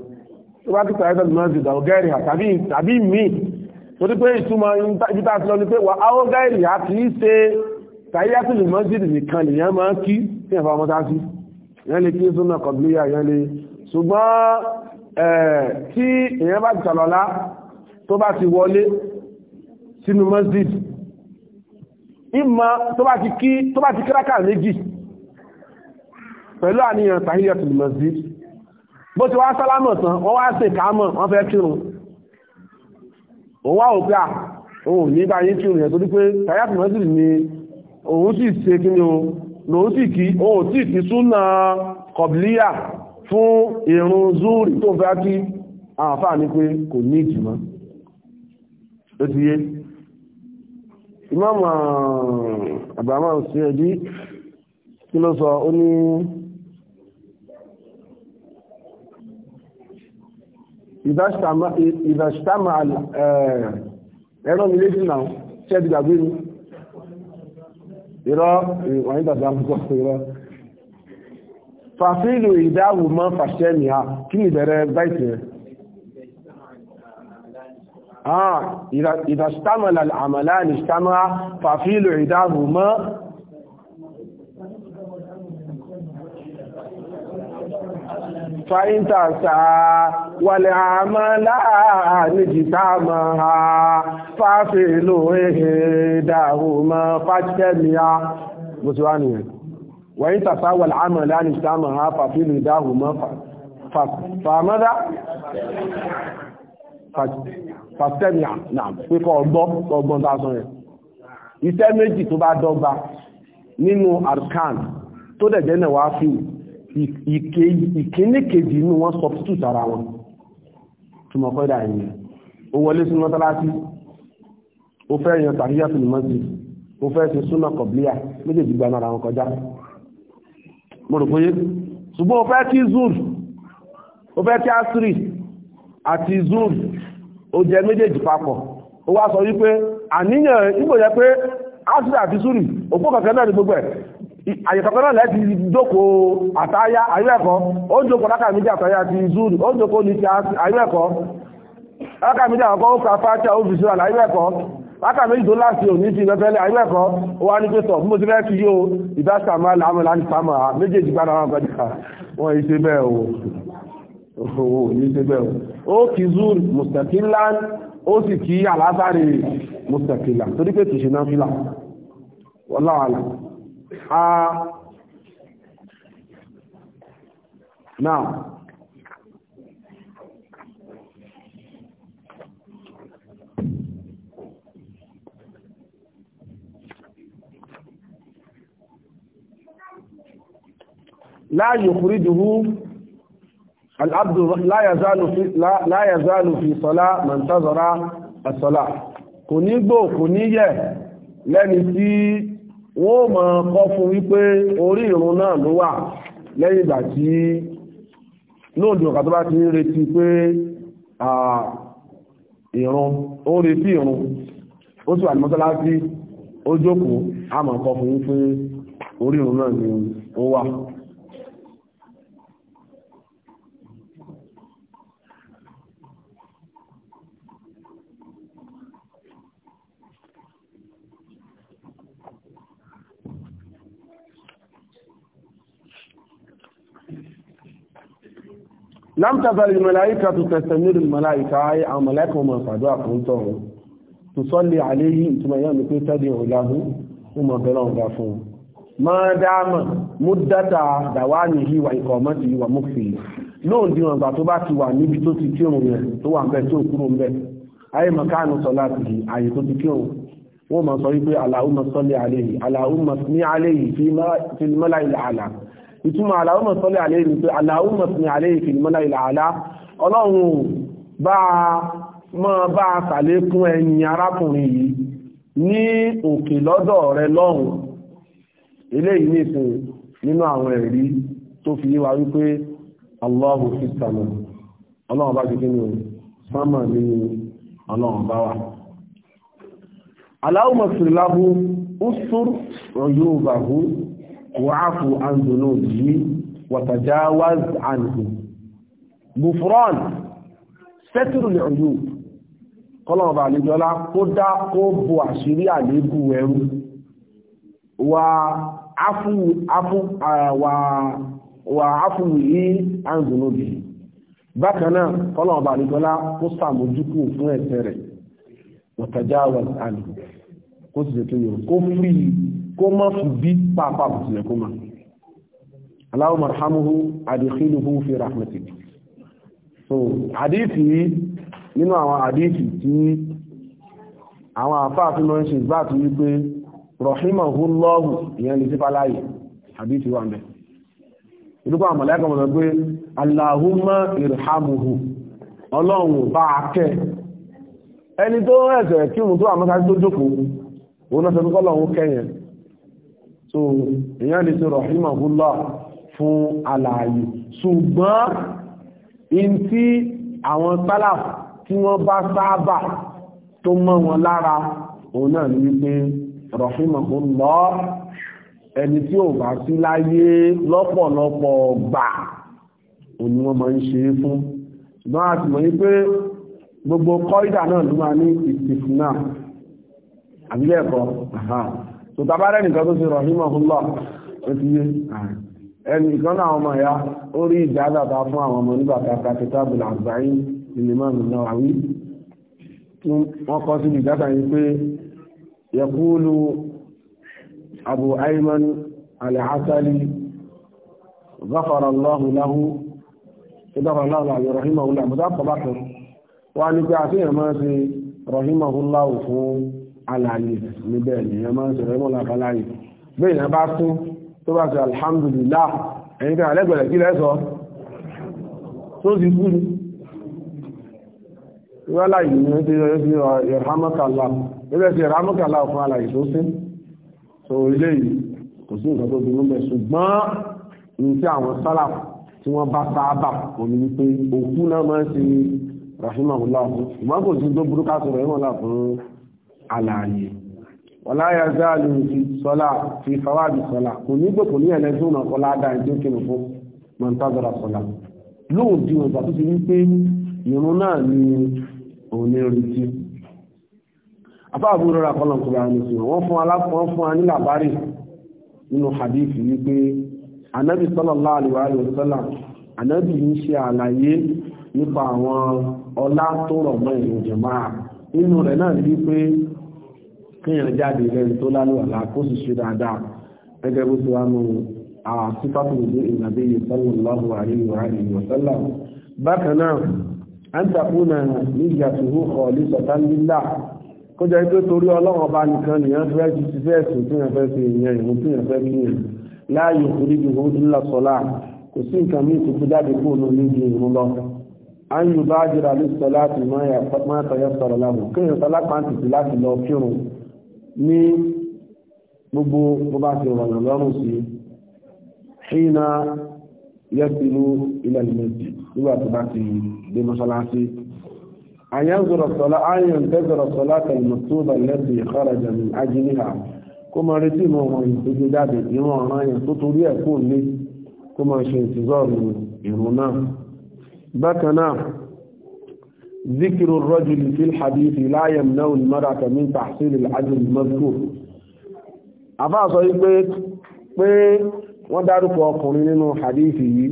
tó bá ti tahiyyatul masjid ọ̀gẹ́rì tàbí míì torí pé ìtumọ̀ ìjítà sí lọ ní pé wà áwọ́ gáìrì a kìí ṣe tàíyàtìlì mọ́sídì nìkan nìyàn máa kí tí ẹ̀fà ọmọ sáà sí ìyàn lè kí súnà kọ̀bílíyà ìyàn lè ṣùgbọ́n tí èyàn bá ti sàlọ́lá tó bá ti wọlé sínú mọ́sídì ìmọ̀ tó bá ti kí tó bá ti kíráka méjì pẹ̀lú àníyàn tàíyàtìlì mọ́sídì bó ti wá sálámọ̀ tán wọ́n wá ṣe kámọ̀ wọ́n fẹ́ kírun ó wá òpé à òun nígbà yí tí òun ni òun sì ṣe kí ni o sì kí òun sì kí súnà kọ̀bílíyà fún ìrun zúrì tó fẹ́ kí àǹfà ní pé kò ní ìjìmọ́ ó ti yé ìmọ̀mọ̀ àbámọ̀ sí kí ló ìdàṣítàmà ẹ̀rọ mi létí náà ṣẹ́ẹ̀dì gbàgbé mi irọ́ ìwọ̀nyí tàbí àmúkọ́ irọ́ fàfíìlù ìdáàbò mọ́ fàṣẹ́ ní a kí ni ìbẹ̀rẹ̀ báìtì rẹ̀ ah ìdàṣítàmà àmàlà ní ìṣítàmà fàfíìlù ìdáàbò mọ́ fàíntàṣà wàlẹ̀ àmà láàáníjì táàmà ha fàáfèèlò ehe dàhùmà fàtẹ́mìá bùsùwánìyàn wàíntàṣà wàlẹ̀ àmà láàáníjì táàmà ha fàáfèèlò dàhùmà fàmádá fàtẹ́mìá náà pípọ̀ ọgbọ́n ọgbọ́n tásán rẹ̀ iṣẹ́ méjì tó bá dọ́gba nínú arkan tó dẹ̀jẹ́ náà wá fíìlì ìkéníkèjì inú wọn substitute ara wọn túnmọ̀ kọ́dà ìyẹn ó wọlé sínú mọ́tálásí ó fẹ́ yan tàríyà tó lùmọ́ sí ó fẹ́ ṣe súnà kọ̀bílíà méjèèjì gba ara wọn kọjá mo rò pé ṣùgbọ́n ó fẹ́ kí zur ó fẹ́ kí asiri àti zur ó jẹ méjèèjì papọ̀ ó wá sọ wípé àníyàn ìgbò pé asiri àti suri òpó kankan náà ni gbogbo ẹ̀ àyẹ̀kọ̀kọ́ náà lẹ́ti jókòó àtáyá àyẹ́ẹ̀kọ́ ó jókòó rákà méjì àtáyá ti zúrù ó jókòó ní ti àyẹ́ẹ̀kọ́ rákà méjì àkọ́kọ́ ó kà fátíà ó fi sí ọ̀là àyẹ́ẹ̀kọ́ rákà méjì tó láti òní sí ìrẹ́fẹ́lẹ́ àyẹ́ẹ̀kọ́ ó wá ní pé sọ fún mo ti fẹ́ kí yóò ìdásà máa láàmú láti sámà méjèèjì gbára wọn gbẹdìkà wọn ìṣe bẹ́ẹ̀ o òwò ní ṣe bẹ́ẹ̀ ó kì zúrù mùsàkílá ó sì kí àlásàrè mùsàkílá torí pé kì í ṣe náà fílà wọ́n láwàlá ha now لا يخرجه العبد لا يزال في لا, لا يزال في صلاه من انتظر الصلاه kò ní gbò kò ní yẹ̀ wọ́n mọ̀ kọ́ fún wípé orí ìrun náà ló wà lẹ́yìn ìgbà tí lóòdì ọ̀kà tó bá ti ń retí pé ìrun ó retí ìrun ó sì wà ní mọ́sálásí ó jókòó a mọ̀ kọ́ fún wípé orí ìrun náà ni ó wà lámtàtà ìmọ̀láíkà tó tẹ̀sẹ̀mírì mọ̀láíkà ayé àwọn mọ̀láíkà ọmọ ìpàdó àkóńtọ̀ ọ̀hún tó sọ́lé àléyí ìtumọ̀ yá mi pé tẹ́lẹ̀ ọ̀gáhú ọmọ ọ̀bẹ̀rẹ̀ ọ̀gá fún un máa dáàmà mú dátà dàwà ní ìwà ikọ̀ ọmọ ti wà mú fi lóun di ọ̀gbà tó bá ti wà níbi tó ti kírun yẹn tó wà bẹ́ẹ̀ tó kúrò ń bẹ́ẹ̀ ayé mọ̀káànù sọ láti di àyè tó ti kírun wọ́n máa sọ wípé aláhùmọ̀ sọ́lé àléyí aláhùmọ̀ ní àléyí fi mọ́lá ilẹ̀ àlà ìtumọ̀ aláwọ̀mọ̀ sọ́lẹ̀ àlẹ́ ìlú pé aláwọ̀mọ̀ sí àlẹ́ ìfìlmọ́lá ilẹ̀ àlá ọlọ́run bá mọ́ bá sàlékún ẹ̀yìn arákùnrin yìí ní òkè lọ́dọ̀ rẹ lọ́hùn eléyìí nìsín nínú àwọn ẹ̀rí tó fi yíwa wípé Allahu fi sàmà ọlọ́run bá gbígbé ní sánmà ní ọlọ́run bá wà aláwọ̀mọ̀ sí lábú ó sùn ọ̀yọ́ bàbú wàáfù àǹdùnú yìí wàtàjáwáz àǹdù gùfúrán sẹ́tìrù lè ọ̀yọ́ kọlọ̀ọ̀bà àlejọ́lá kó dá kó bo àṣírí àlébù ẹrú wà áfù yìí àǹdùnú yìí bákanáà kọlọ̀ọ̀bà àlejọ́lá kó sàmójúkù fún ẹ̀ṣẹ̀ rẹ̀ wàtàjáwáz àǹdù kó sì kó má fi bí pàápàá bù tilẹ̀ kó má Allahumma arhamuhu adkhilhu fi rahmatik so àdífì nínú àwọn àdífì tí àwọn àfáà fi máa ń ṣe ìgbà tí wípé rahimahullahu ìyẹn lè sípa láàyè àdífì wà mẹ́ ìdúgbà so èyàn lè ṣe rahimahullah fún alààyè ṣùgbọ́n in tí àwọn salaf tí wọ́n bá sáábà tó mọ́ wọn lára òun náà ni wípé rahimahullah ẹni tí ò bá sí láyé lọ́pọ̀lọpọ̀ gbà òun ni wọ́n máa ń ṣe é fún ṣùgbọ́n a sì mọ̀ wípé gbogbo kọ́ídà náà ló máa ní ìtìfúnà àbílẹ̀ ẹ̀kọ́ tó tàbá rẹ̀ nìkan tó ṣe rahimahullah ó ti yé ẹnì kan náà ọmọ ẹ̀yà ó rí ìjà àdàtà fún àwọn ọmọ nígbà kàkà kitabul arba'in al-imam an-Nawawi wọ́n kọ́ síbi ìjáta yìí pé yaqulu Abu Ayman al-Asali ghafara Allahu lahu ìdáfàláwà àyè rahimahullah àbúdá pọ̀bákan wọ́n á ní pé àfihàn máa ṣe rahimahullah fún alàyè níbẹ̀ nìyẹn máa ń sọ̀rọ̀ ẹ̀mọ́ làbá láyè bẹ́ẹ̀ ni a bá tún tó bá sọ alhamdulillah ẹ̀yin kan àlẹ́gbẹ̀rẹ̀ kí lẹ́sọ tó ti kú ni ìwá láyè ni ó ti yọ sí ìrámọ́kàlá níbẹ̀ sí ìrámọ́kàlá fún alàyè tó sí so ilé yìí kò sí nǹkan tó fi mú bẹ̀ ṣùgbọ́n ní tí àwọn sálà tí wọ́n bá sáábà òní wípé òkú náà máa ń ṣe rahimahullah ṣùgbọ́n kò sí tó burúkú àtọ̀rọ̀ ẹ̀wọ̀n láà fún àlàyé wọ́lá yà záàlù fi sọ́lá fi fawáàdì sọ́lá kò ní gbogbo ní ẹ̀lẹ́ tó nà kọ́lá dáa tó kí ní fún mọ̀ntázọ́rọ̀ sọ́lá lóòun di ní pé ìrún náà ni òun retí afáàbúrò rà kọ́lọ̀ kọ́lá ní sí wọ́n fún aláfọ́n fún wa ní làbárì hadithi wípé anábì sallallahu alaihi wa sallam anábì ń ṣe àlàyé nípa àwọn ọlá tó kíyàn jáde lẹ́yìn tó lálùwàlá kó sì ṣe dáadáa gẹ́gẹ́ bó ti wá mú àtúfàtò ìlú ìnàbí sallallahu alaihi wa alihi wa sallam bákan náà an takuna niyyatuhu khalisatan lillah kó jẹ́ pé torí ọlọ́run ọba nìkan nìyàn fẹ́ ti ti fẹ́ sùn tí yàn fẹ́ ṣe ìyẹn ìhun tí yàn fẹ́ kíyàn la yukhrijuhu illa salah kò sí nǹkan mí tó jáde kó lò níbi ìhun lọ an yubadira lis salati máa tẹ̀yẹ́ sọ̀rọ̀ lábò kéèyàn sọlá pàǹtì láti lọ kírun ní gbogbo bó bá ti rọrùn lọ́rùn sí ṣína yẹ́pìlú ilẹ̀ méjì nígbà tó bá ti dé mọ́ṣáláṣí àyàn zọrọ̀ sọ́lá àyàn tẹ́ zọrọ̀ sọ́lá tẹ̀lẹ̀mọ̀tóbà lẹ́sì ìkọ́rẹ̀jẹ̀ ní ajínigbà kó máa retí ìmọ̀ ذكر الرجل في الحديث لا يمنع المرأة من تحصيل العدل المذكور àbá sọ wípé pé wọ́n dárúkọ ọkùnrin nínú hadithi yìí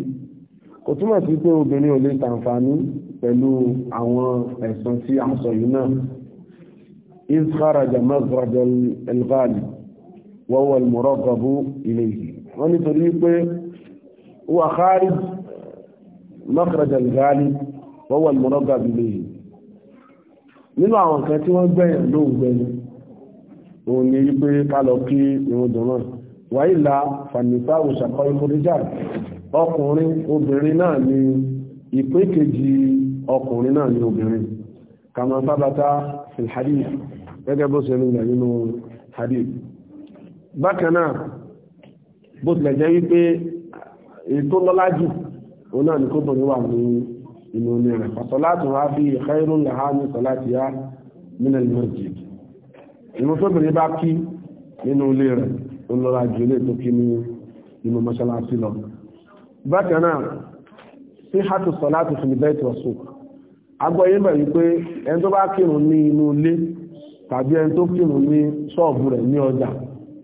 kò túmọ̀ sí pé obìnrin ò lè tàǹfààní pẹ̀lú àwọn ẹ̀sùn tí a sọ yìí náà iskaraja mazraja elvali wọ́wọ́ almuragabu ilayhi wọ́n nítorí wípé wà kharij makhraja wọ́wọ́ ìmọ̀lọ́gà bílé yìí nínú àwọn nǹkan tí wọ́n gbẹ̀yàn lóhùn gbẹ̀yìn òun ni wípé ká lọ kí irun dùn náà wàyí la fàmìfà òṣàkọ ìforíjà ọkùnrin obìnrin náà ni ìpín kejì ọkùnrin náà ni obìnrin kàmá sábàtà fil hadith gẹ́gẹ́ bó ṣe nílẹ̀ nínú hadith bákan náà bó tilẹ̀ jẹ́ wípé ètò lọ́lájù òun náà ni kóbìnrin wà ní inú ilé rẹ̀ pàtàláàtù wá bí ìkẹ́rùn lè ha ní sọ̀láti yá nínú masjid inú tóbìnrin bá kí nínú ilé rẹ̀ ó lọ́ra jù ilé tó kí ní inú mọ́ṣáláṣí lọ bákan náà sí hàtù sọ̀láti fún ibẹ̀ tó sùn agbọ́ yín bẹ̀ wípé ẹni tó bá kírun ní inú ilé tàbí ẹni tó kírun ní ṣọ́ọ̀bù rẹ̀ ní ọjà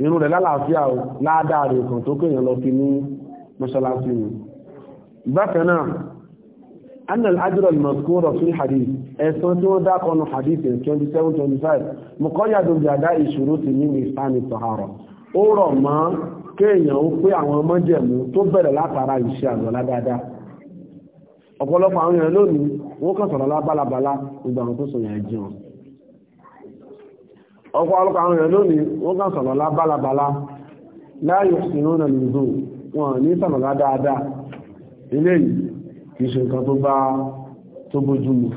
irun rẹ̀ lálàáfíà ládàá kan tó kéèyàn lọ kí ní mọ́ṣáláṣí ni bákan náà أن الأجر المذكور في الحديث أسنتون ذاك حديث 27-25 مقيد بأداء شروط من إسلام الطهارة ọ̀rọ̀ mọ́ kéèyàn ó pé àwọn mọ́jẹ̀mú tó bẹ̀rẹ̀ àwọn èèyàn lónìí tó sọ̀yàn jí wọn kìí ṣe nǹkan tó bá tó bójú mú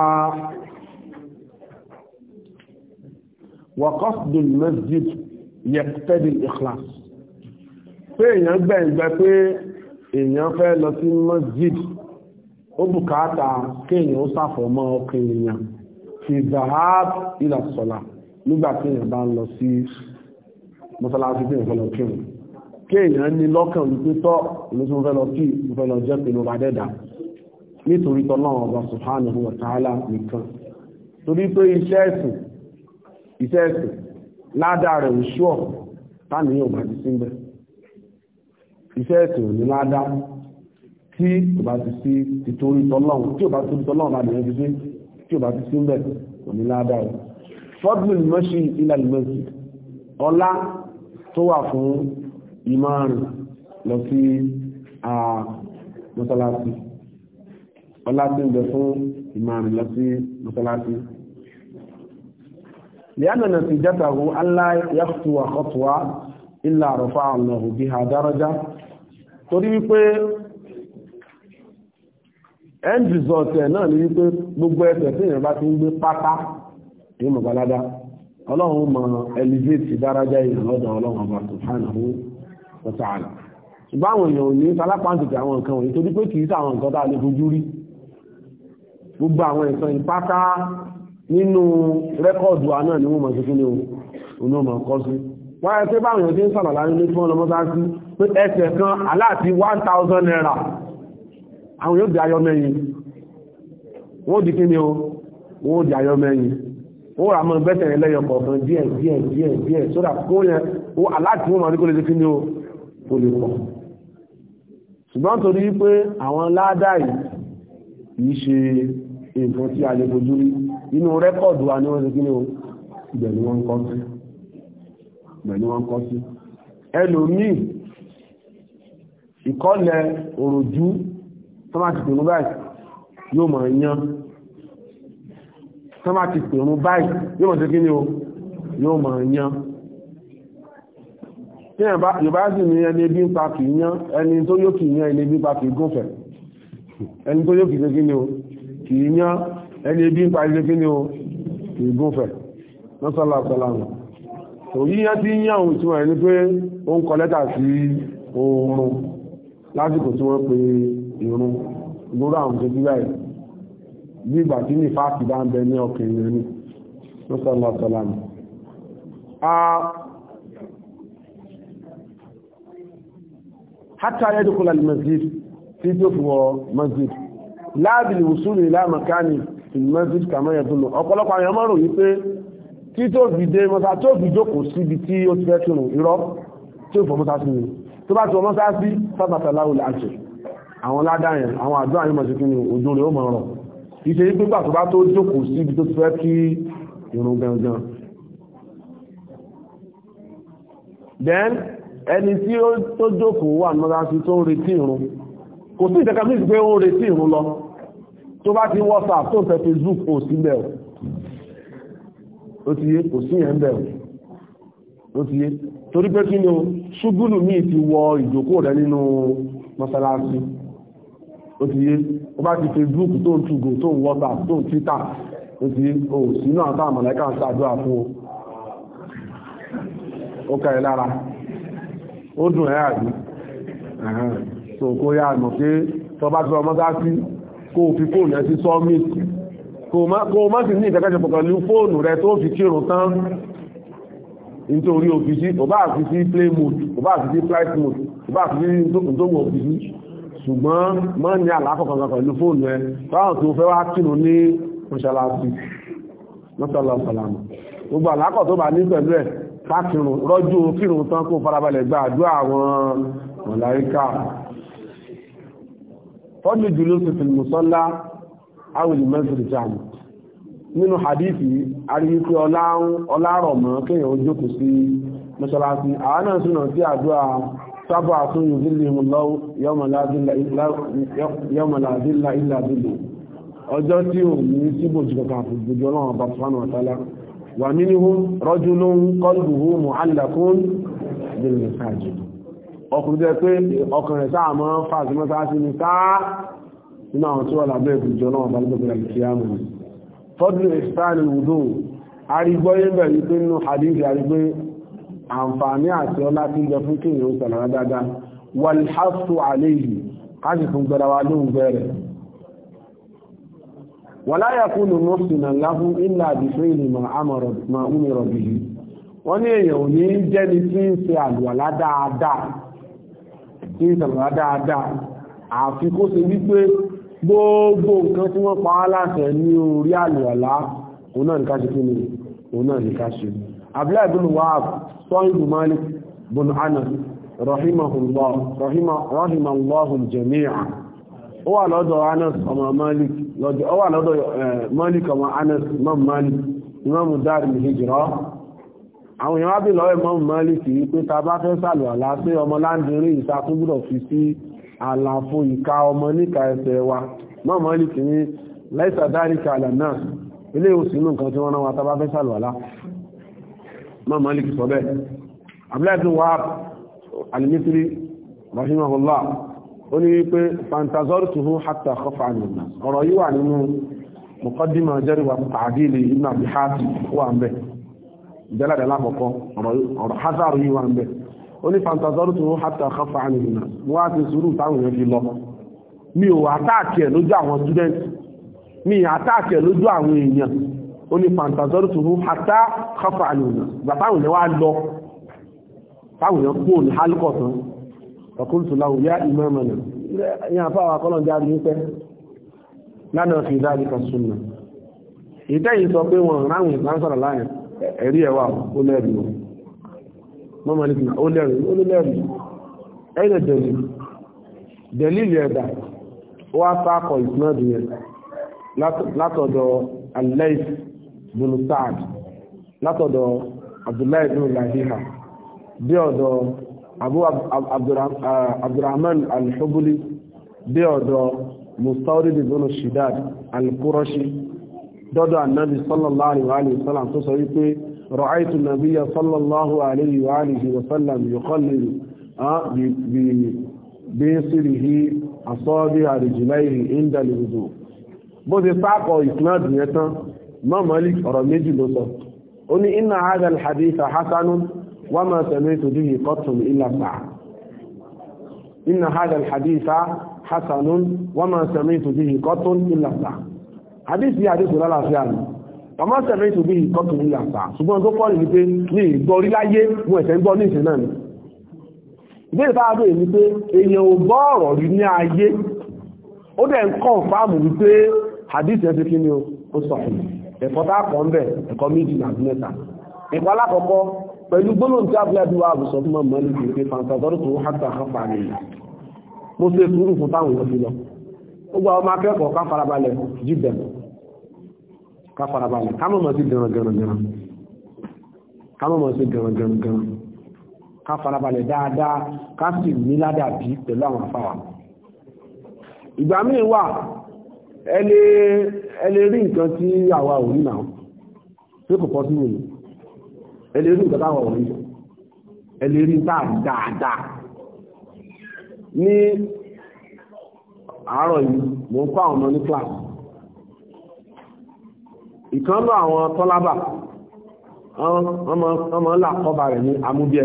a wa qasdul masjid yaqtadi al-ikhlas pé èèyàn gbẹ̀ǹgbẹ́ pé èèyàn fẹ́ lọ sí masjid ó bùkátà kéèyàn ó sàfọ̀mọ́ ọkàn èèyàn fi zahab ila salah nígbà tí èèyàn bá ń lọ sí kéèyàn ní lọ́kàn wípé tọ́ ìlú tí mo fẹ́ lọ kí mo fẹ́ lọ jẹ́ pẹ̀lú ọba dẹ́dà nítorí tọ́lọ́run ọba subhanahu wa ta'ala nìkan torí pé iṣẹ́ ẹ̀sìn iṣẹ́ ẹ̀sìn ládàá rẹ̀ ń ṣúọ̀ táníyàn bá ti síbẹ̀ iṣẹ́ ẹ̀sìn ò ní ládàá tí kò bá ti sí ìtorí tọ́lọ́run tí ò bá torí tọ́lọ́run bá nìyẹn ti sí tí ò bá ti síbẹ̀ ò ní ládàá rẹ̀ fọ́dún ìmọ̀ṣin ilẹ̀ ìmọ̀ṣin ọlá tó wà fún ìmọ̀ràn lọ sí mọ́sálásí ọlá ń bẹ fún si lọ sí mọ́sálásí لأن نتيجته ألا يخطو خطوة إلا رفع الله ha درجة torí wípé end result ẹ̀ náà gbogbo ẹsẹ̀ tí èèyàn bá ti ń gbé pátá ní ọlọ́run mọ̀ elevate dárájá ìrìn ọlọ́run ọba ọ̀tààlà ṣùgbọ́n àwọn èèyàn ò ní sálápàǹtì àwọn nǹkan wọ̀nyí torí pé kì í sáwọn nǹkan tá a lè fojú rí gbogbo àwọn ìsàn ìpáká nínú rẹ́kọ̀dù wa náà ni wọ́n mọ̀ sí fún ní òun náà mọ̀ kọ́ sí wọ́n yẹ pé báwọn èèyàn ti ń sọ̀rọ̀ láyé ní fún ọlọ́mọ́sáàsì pé ẹsẹ̀ kan aláàtí one thousand naira àwọn yóò di ayọ́ mẹ́yìn wọ́n di kí ni o wọ́n di ayọ́ mẹ́yìn ó rà mọ́ bẹ́tẹ̀ ẹlẹ́yọ kọ̀ọ̀kan díẹ̀ díẹ̀ díẹ̀ díẹ̀ sódà kó yẹn aláàtí wọ́n mọ̀ ní kó lè di kí ni o ó lè pọ̀ ṣùgbọ́n torí pé àwọn ládà yìí kìí ṣe nǹkan tí a lè fojú rí inú rẹ́kọ̀dù wa ni wọ́n ṣe kí ni o ìbẹ̀lú wọn kọ́ sí ìbẹ̀lú wọn kọ́ sí ẹlòmíì ìkọ́lẹ̀ òròjú tọ́mátì pẹ̀lú báyìí yóò mọ̀ yán tọ́mátì pẹ̀lú báyìí yóò mọ̀ yán tí yorùbá sì ní ẹni bí ń pa kì í yán ẹni tó yóò kì í yán ẹni bí ń pa kì í gúnfẹ̀ ẹni tó yóò kì í ṣe kí ni o kì í yán ẹni bí ń pa ṣe kí ni o kì í gúnfẹ̀ lọ́sọ̀lá ọ̀sọ̀lá wọn. òyí yán tí yán òun tí wọ́n ẹni pé ó ń kọ lẹ́tà sí oorun lásìkò tí wọ́n pe ìrun gbóró àwọn tó bíbá yìí bí ìgbà tí ní fáàkì bá ń bẹ ní ọkùnrin rẹ̀ ní lọ́sọ̀lá ọ̀sọ̀lá wọn. hátà yẹ́ dùkúlà masjid tí tó fi wọ masjid láàbìlì wùsùlù ilá makani fil masjid kàmọ́ yẹ dùnú ọ̀pọ̀lọpọ̀ àwọn ọmọ rò wípé tí tó fi dé mọ́sá tó fi jókòó síbi tí ó ti fẹ́ tún irọ́ tí ó fọ mọ́sá sí ni tó bá ti wọ mọ́sá sí sábàtà láwùlẹ̀ àjẹ́ àwọn ládàáyẹn àwọn àdó àyè mọ̀sí kí ni ojú o ó mọ̀ ọ̀rọ̀ ìṣe yí pé gbà tó bá tó jókòó síbi tó ti fẹ́ kí irun gangan then ẹni tí ó tó jókòó wà mọ́ra sí tó ń retí ìrun kò sí ìtẹ́ka mí pé ó ń retí ìrun lọ tó bá ti whatsapp tó ń tẹ facebook ò sí bẹ̀ ó ti yé kò sí yẹn bẹ̀ ó ti yé torí pé kí ni o ṣúgúlù míì ti wọ ìjókòó rẹ nínú mọ́sálásí ó ti yé ó bá ti facebook tó ń tugo tó ń whatsapp tó ń twitter ó ti yé o sínú àwọn táwọn mọ̀lẹ́kà ń ṣàdúrà fún ó kẹ́rẹ̀ lára ó dùn ẹ́ àbí so kó yá àmọ̀ pé tọba tí ọmọ dá sí kó fi fóònù ẹ sí summit kó má sì ní ìtẹ́kẹ́sẹ̀ pọ̀kànlú fóònù rẹ tó fi kírun tán nítorí òfìsí ọba àfisí play mode ọba àfisí flight mode ọba àfisí ìtòkùntòmù òfìsí ṣùgbọ́n mọ́ ní àlàkọ̀kọ̀kọ̀ pẹ̀lú fóònù ẹ báwọn tó fẹ́ wá kírun ní mọ́ṣáláṣí mọ́ṣáláṣí gbogbo àlàkọ̀ tó bá ní pẹ̀lú ẹ̀ káàkiri rọ́jú kírun tán kó farabalẹ̀ gba àdúrà àwọn mọ̀láríkà fọ́dún jùlọ sí fìlmùsọ́lá awìlì mẹ́sìlì jàmù nínú hadithi aríwípé ọlárọ̀ mọ́ kéèyàn ó jókòó sí mọ́ṣálásí àwọn náà súnà sí àdúrà sábà fún yuzillimullahu yawma la zilla illa zilluh ọjọ́ tí ò ní síbòjì kankan àfòjì ọlọ́run ọba sùfánà ọ̀tálá wà minhum rajulun qalbuhu mu'allaqun bil masajid ọkùnrin jẹ́ pé ọkùnrin sáà mọ́ fàájú mọ́sáàsì ní sáà nínú àwọn tí wọ́n lábẹ́ ìbùjọ náà bá lọ́gbẹ̀rẹ̀ alìkíyàmù fọ́dún ìsáàlì wùdó arígbọ́yé bẹ̀rẹ̀ pé nínú wàlá yakunu mọ́sùnà láhún ilá àdìfẹ́ ìlú ma umẹ̀rọ̀ bìí wọ́n ní èèyàn ò ní jẹ́ni tí ń ṣe àlùwàlá dáadáa tí ń ṣe àlùwàlá dáadáa àfi kó ṣe wípé gbogbo nǹkan tí wọ́n pa á láṣẹ ní orí àlùwàlá òun náà ní ká ṣe kí ni òun náà ní ká ṣe ó wà lọ́dọ̀ Anas ọmọ Malik lọ́dọ̀ ó wà lọ́dọ̀ Malik ọmọ Anas Imam Malik Imam Dari Hijra àwọn èèyàn wábí lọ́wọ́ Imam Malik yìí pé ta bá fẹ́ sàlù àlá pé ọmọ láńdìrí ìsàkúgbùdọ̀ fi sí àlàfo ìka ọmọ níka ẹsẹ̀ wa Imam Malik ní lẹ́sà dáríkà àlà náà ilé òsì inú nǹkan tí wọ́n rán wa ta bá fẹ́ sàlù àlá Imam Malik sọ bẹ́ẹ̀ Abdullahi bin Wahab al rahimahullah ó ní wípé fantazortuhu hatta khafa nìyà ọ̀rọ̀ yìí wà nínú muqaddima jẹ́rìwà tàdílì ibn abi hatim wà ń bẹ̀ ìjẹ́lẹ̀dà lákọ̀ọ́kọ́ ọ̀rọ̀ hazaru yìí wà ń bẹ̀ ó ní fantazortuhu hatta khafa nìyà wọ́n á ti sùúrù táwọn èèyàn fi lọ mi ò àtàkì ẹ̀ lójú àwọn فقلت له يا إمامنا يا فاوى قلن جاري na لنا في ذلك السنة ìtẹ́yìn sọ pé wọn ráwọn ìsánsọ̀rọ̀ láàrin ẹ̀rí ẹ̀wà ó lẹ́rìí wọn mọ́mọ́ ní kìnnà ó lẹ́rìí ó lẹ́rìí ẹ̀rẹ̀ dẹ̀lì dẹ̀lì ilẹ̀ ẹ̀dà ó wá sáàkọ̀ ìsinádù yẹn látọ̀dọ̀ alẹ́is bùnú sáàd látọ̀dọ̀ abu uh, abdurrahman al-hubuli dé ọ̀dọ̀ mustawrid ibn shidad al-qurashi dọ́dọ̀ annabi sallallahu alayhi wa sallam tó sọ wípé ra'aytu nabiyya sallallahu alayhi wa alihi wa sallam yuqallilu bí sírihi asọ́bí àrìjìláìrì ìndàlẹ̀ òjò bó ti sáàkọ̀ ìsìnàdì yẹn tán mọ́ mọ́lì ọ̀rọ̀ méjì ló wa ma sami'tu bihi qattu illa sa'a inna hadha al-haditha hasanun wa ma sami'tu bihi qattu illa sa'a hadith yìí hadith la lafiya ni wa ma sami'tu bihi qattu illa sa'a ṣùgbọ́n tó kọ́ ní pé ní ìgbọ́rí láyé mo ẹ̀sẹ̀ ń gbọ́ ní ìsìn náà ni ìbéèrè tá a bèèrè ni pé èèyàn ò gbọ́ ọ̀rọ̀ rí ní ayé ó dẹ̀ ń kọ́ fáàmù wípé hadith ẹ̀ ti kí ni ó sọ̀rọ̀ ẹ̀kọ́ tá a kọ́ ń bẹ̀ ẹ̀kọ́ méjì nàbí mẹ́ta ẹ̀kọ́ alákọ̀ọ́kọ́ pẹ̀lú gbólóhùn tí abúlé bí wà àbùsọ̀ fún mọ̀mọ́ ní ìpínlẹ̀ fàǹtàtọ́rọ̀ tó hàtà hàpà ní mo ṣe sùúrù fún táwọn èèyàn fi lọ ó gba ọmọ akẹ́kọ̀ọ́ ká farabalẹ̀ jí bẹ̀rẹ̀ ká farabalẹ̀ ká mọ̀ sí gẹ̀rọ̀gẹ̀rọ̀gẹ̀rọ̀ ká mọ̀ sí gẹ̀rọ̀gẹ̀rọ̀gẹ̀rọ̀ ká farabalẹ̀ dáadáa ká sì ní ládàbí pẹ̀lú àwọn afáwà ìgbà míì wà ẹ lè rí nǹkan tí àwa ò rí náà pé kò pọ́ ẹlẹ́rí nǹkan táwọn wọ̀nyí ẹlẹ́rí táà dáadáa ní àárọ̀ yìí mò ń kọ́ àwọn ọmọ ní class ìkánlọ àwọn tọ́lábà ọmọ ńlá kọba rẹ̀ ní amúbí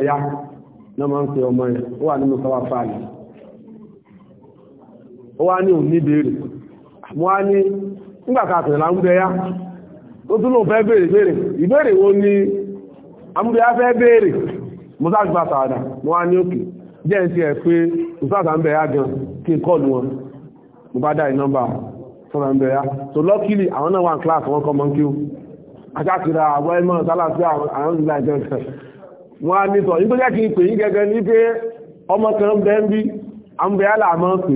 ní ọmọ ń pe ọmọ rẹ̀ ó wà nínú kọwà fàálì ó wá ní òní béèrè mo wá ní nígbàkà àtẹ̀lá ń ó tún lò fẹ́ béèrè béèrè ìbéèrè wo ni amúdé afẹ́ béèrè musa gba sàádà mo wá ní òkè jẹ́ ń ti ẹ̀ pé ìsáàtà ń bẹ̀ yá gan kí n kọ́ọ̀lù wọn mo bá dá ìnọ́mbà sọ́nà ń bẹ̀ yá so lọ́kìlì àwọn náà wà ní kíláàsì wọn kọ́ mọ́ kí ó ajákìrà àwọn ẹmọ sálàsí àwọn ìgbà ìjọba wọn á ní sọ yí tó jẹ́ kí n pè yí gẹ́gẹ́ ní pé ọmọ kan bẹ́ ń bí àmúbẹ̀ yá làmọ́ pè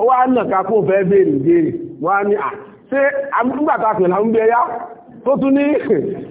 ó wá nà ká kó fẹ́ béèrè béèrè wọn á ní à ṣé àmúgbàtà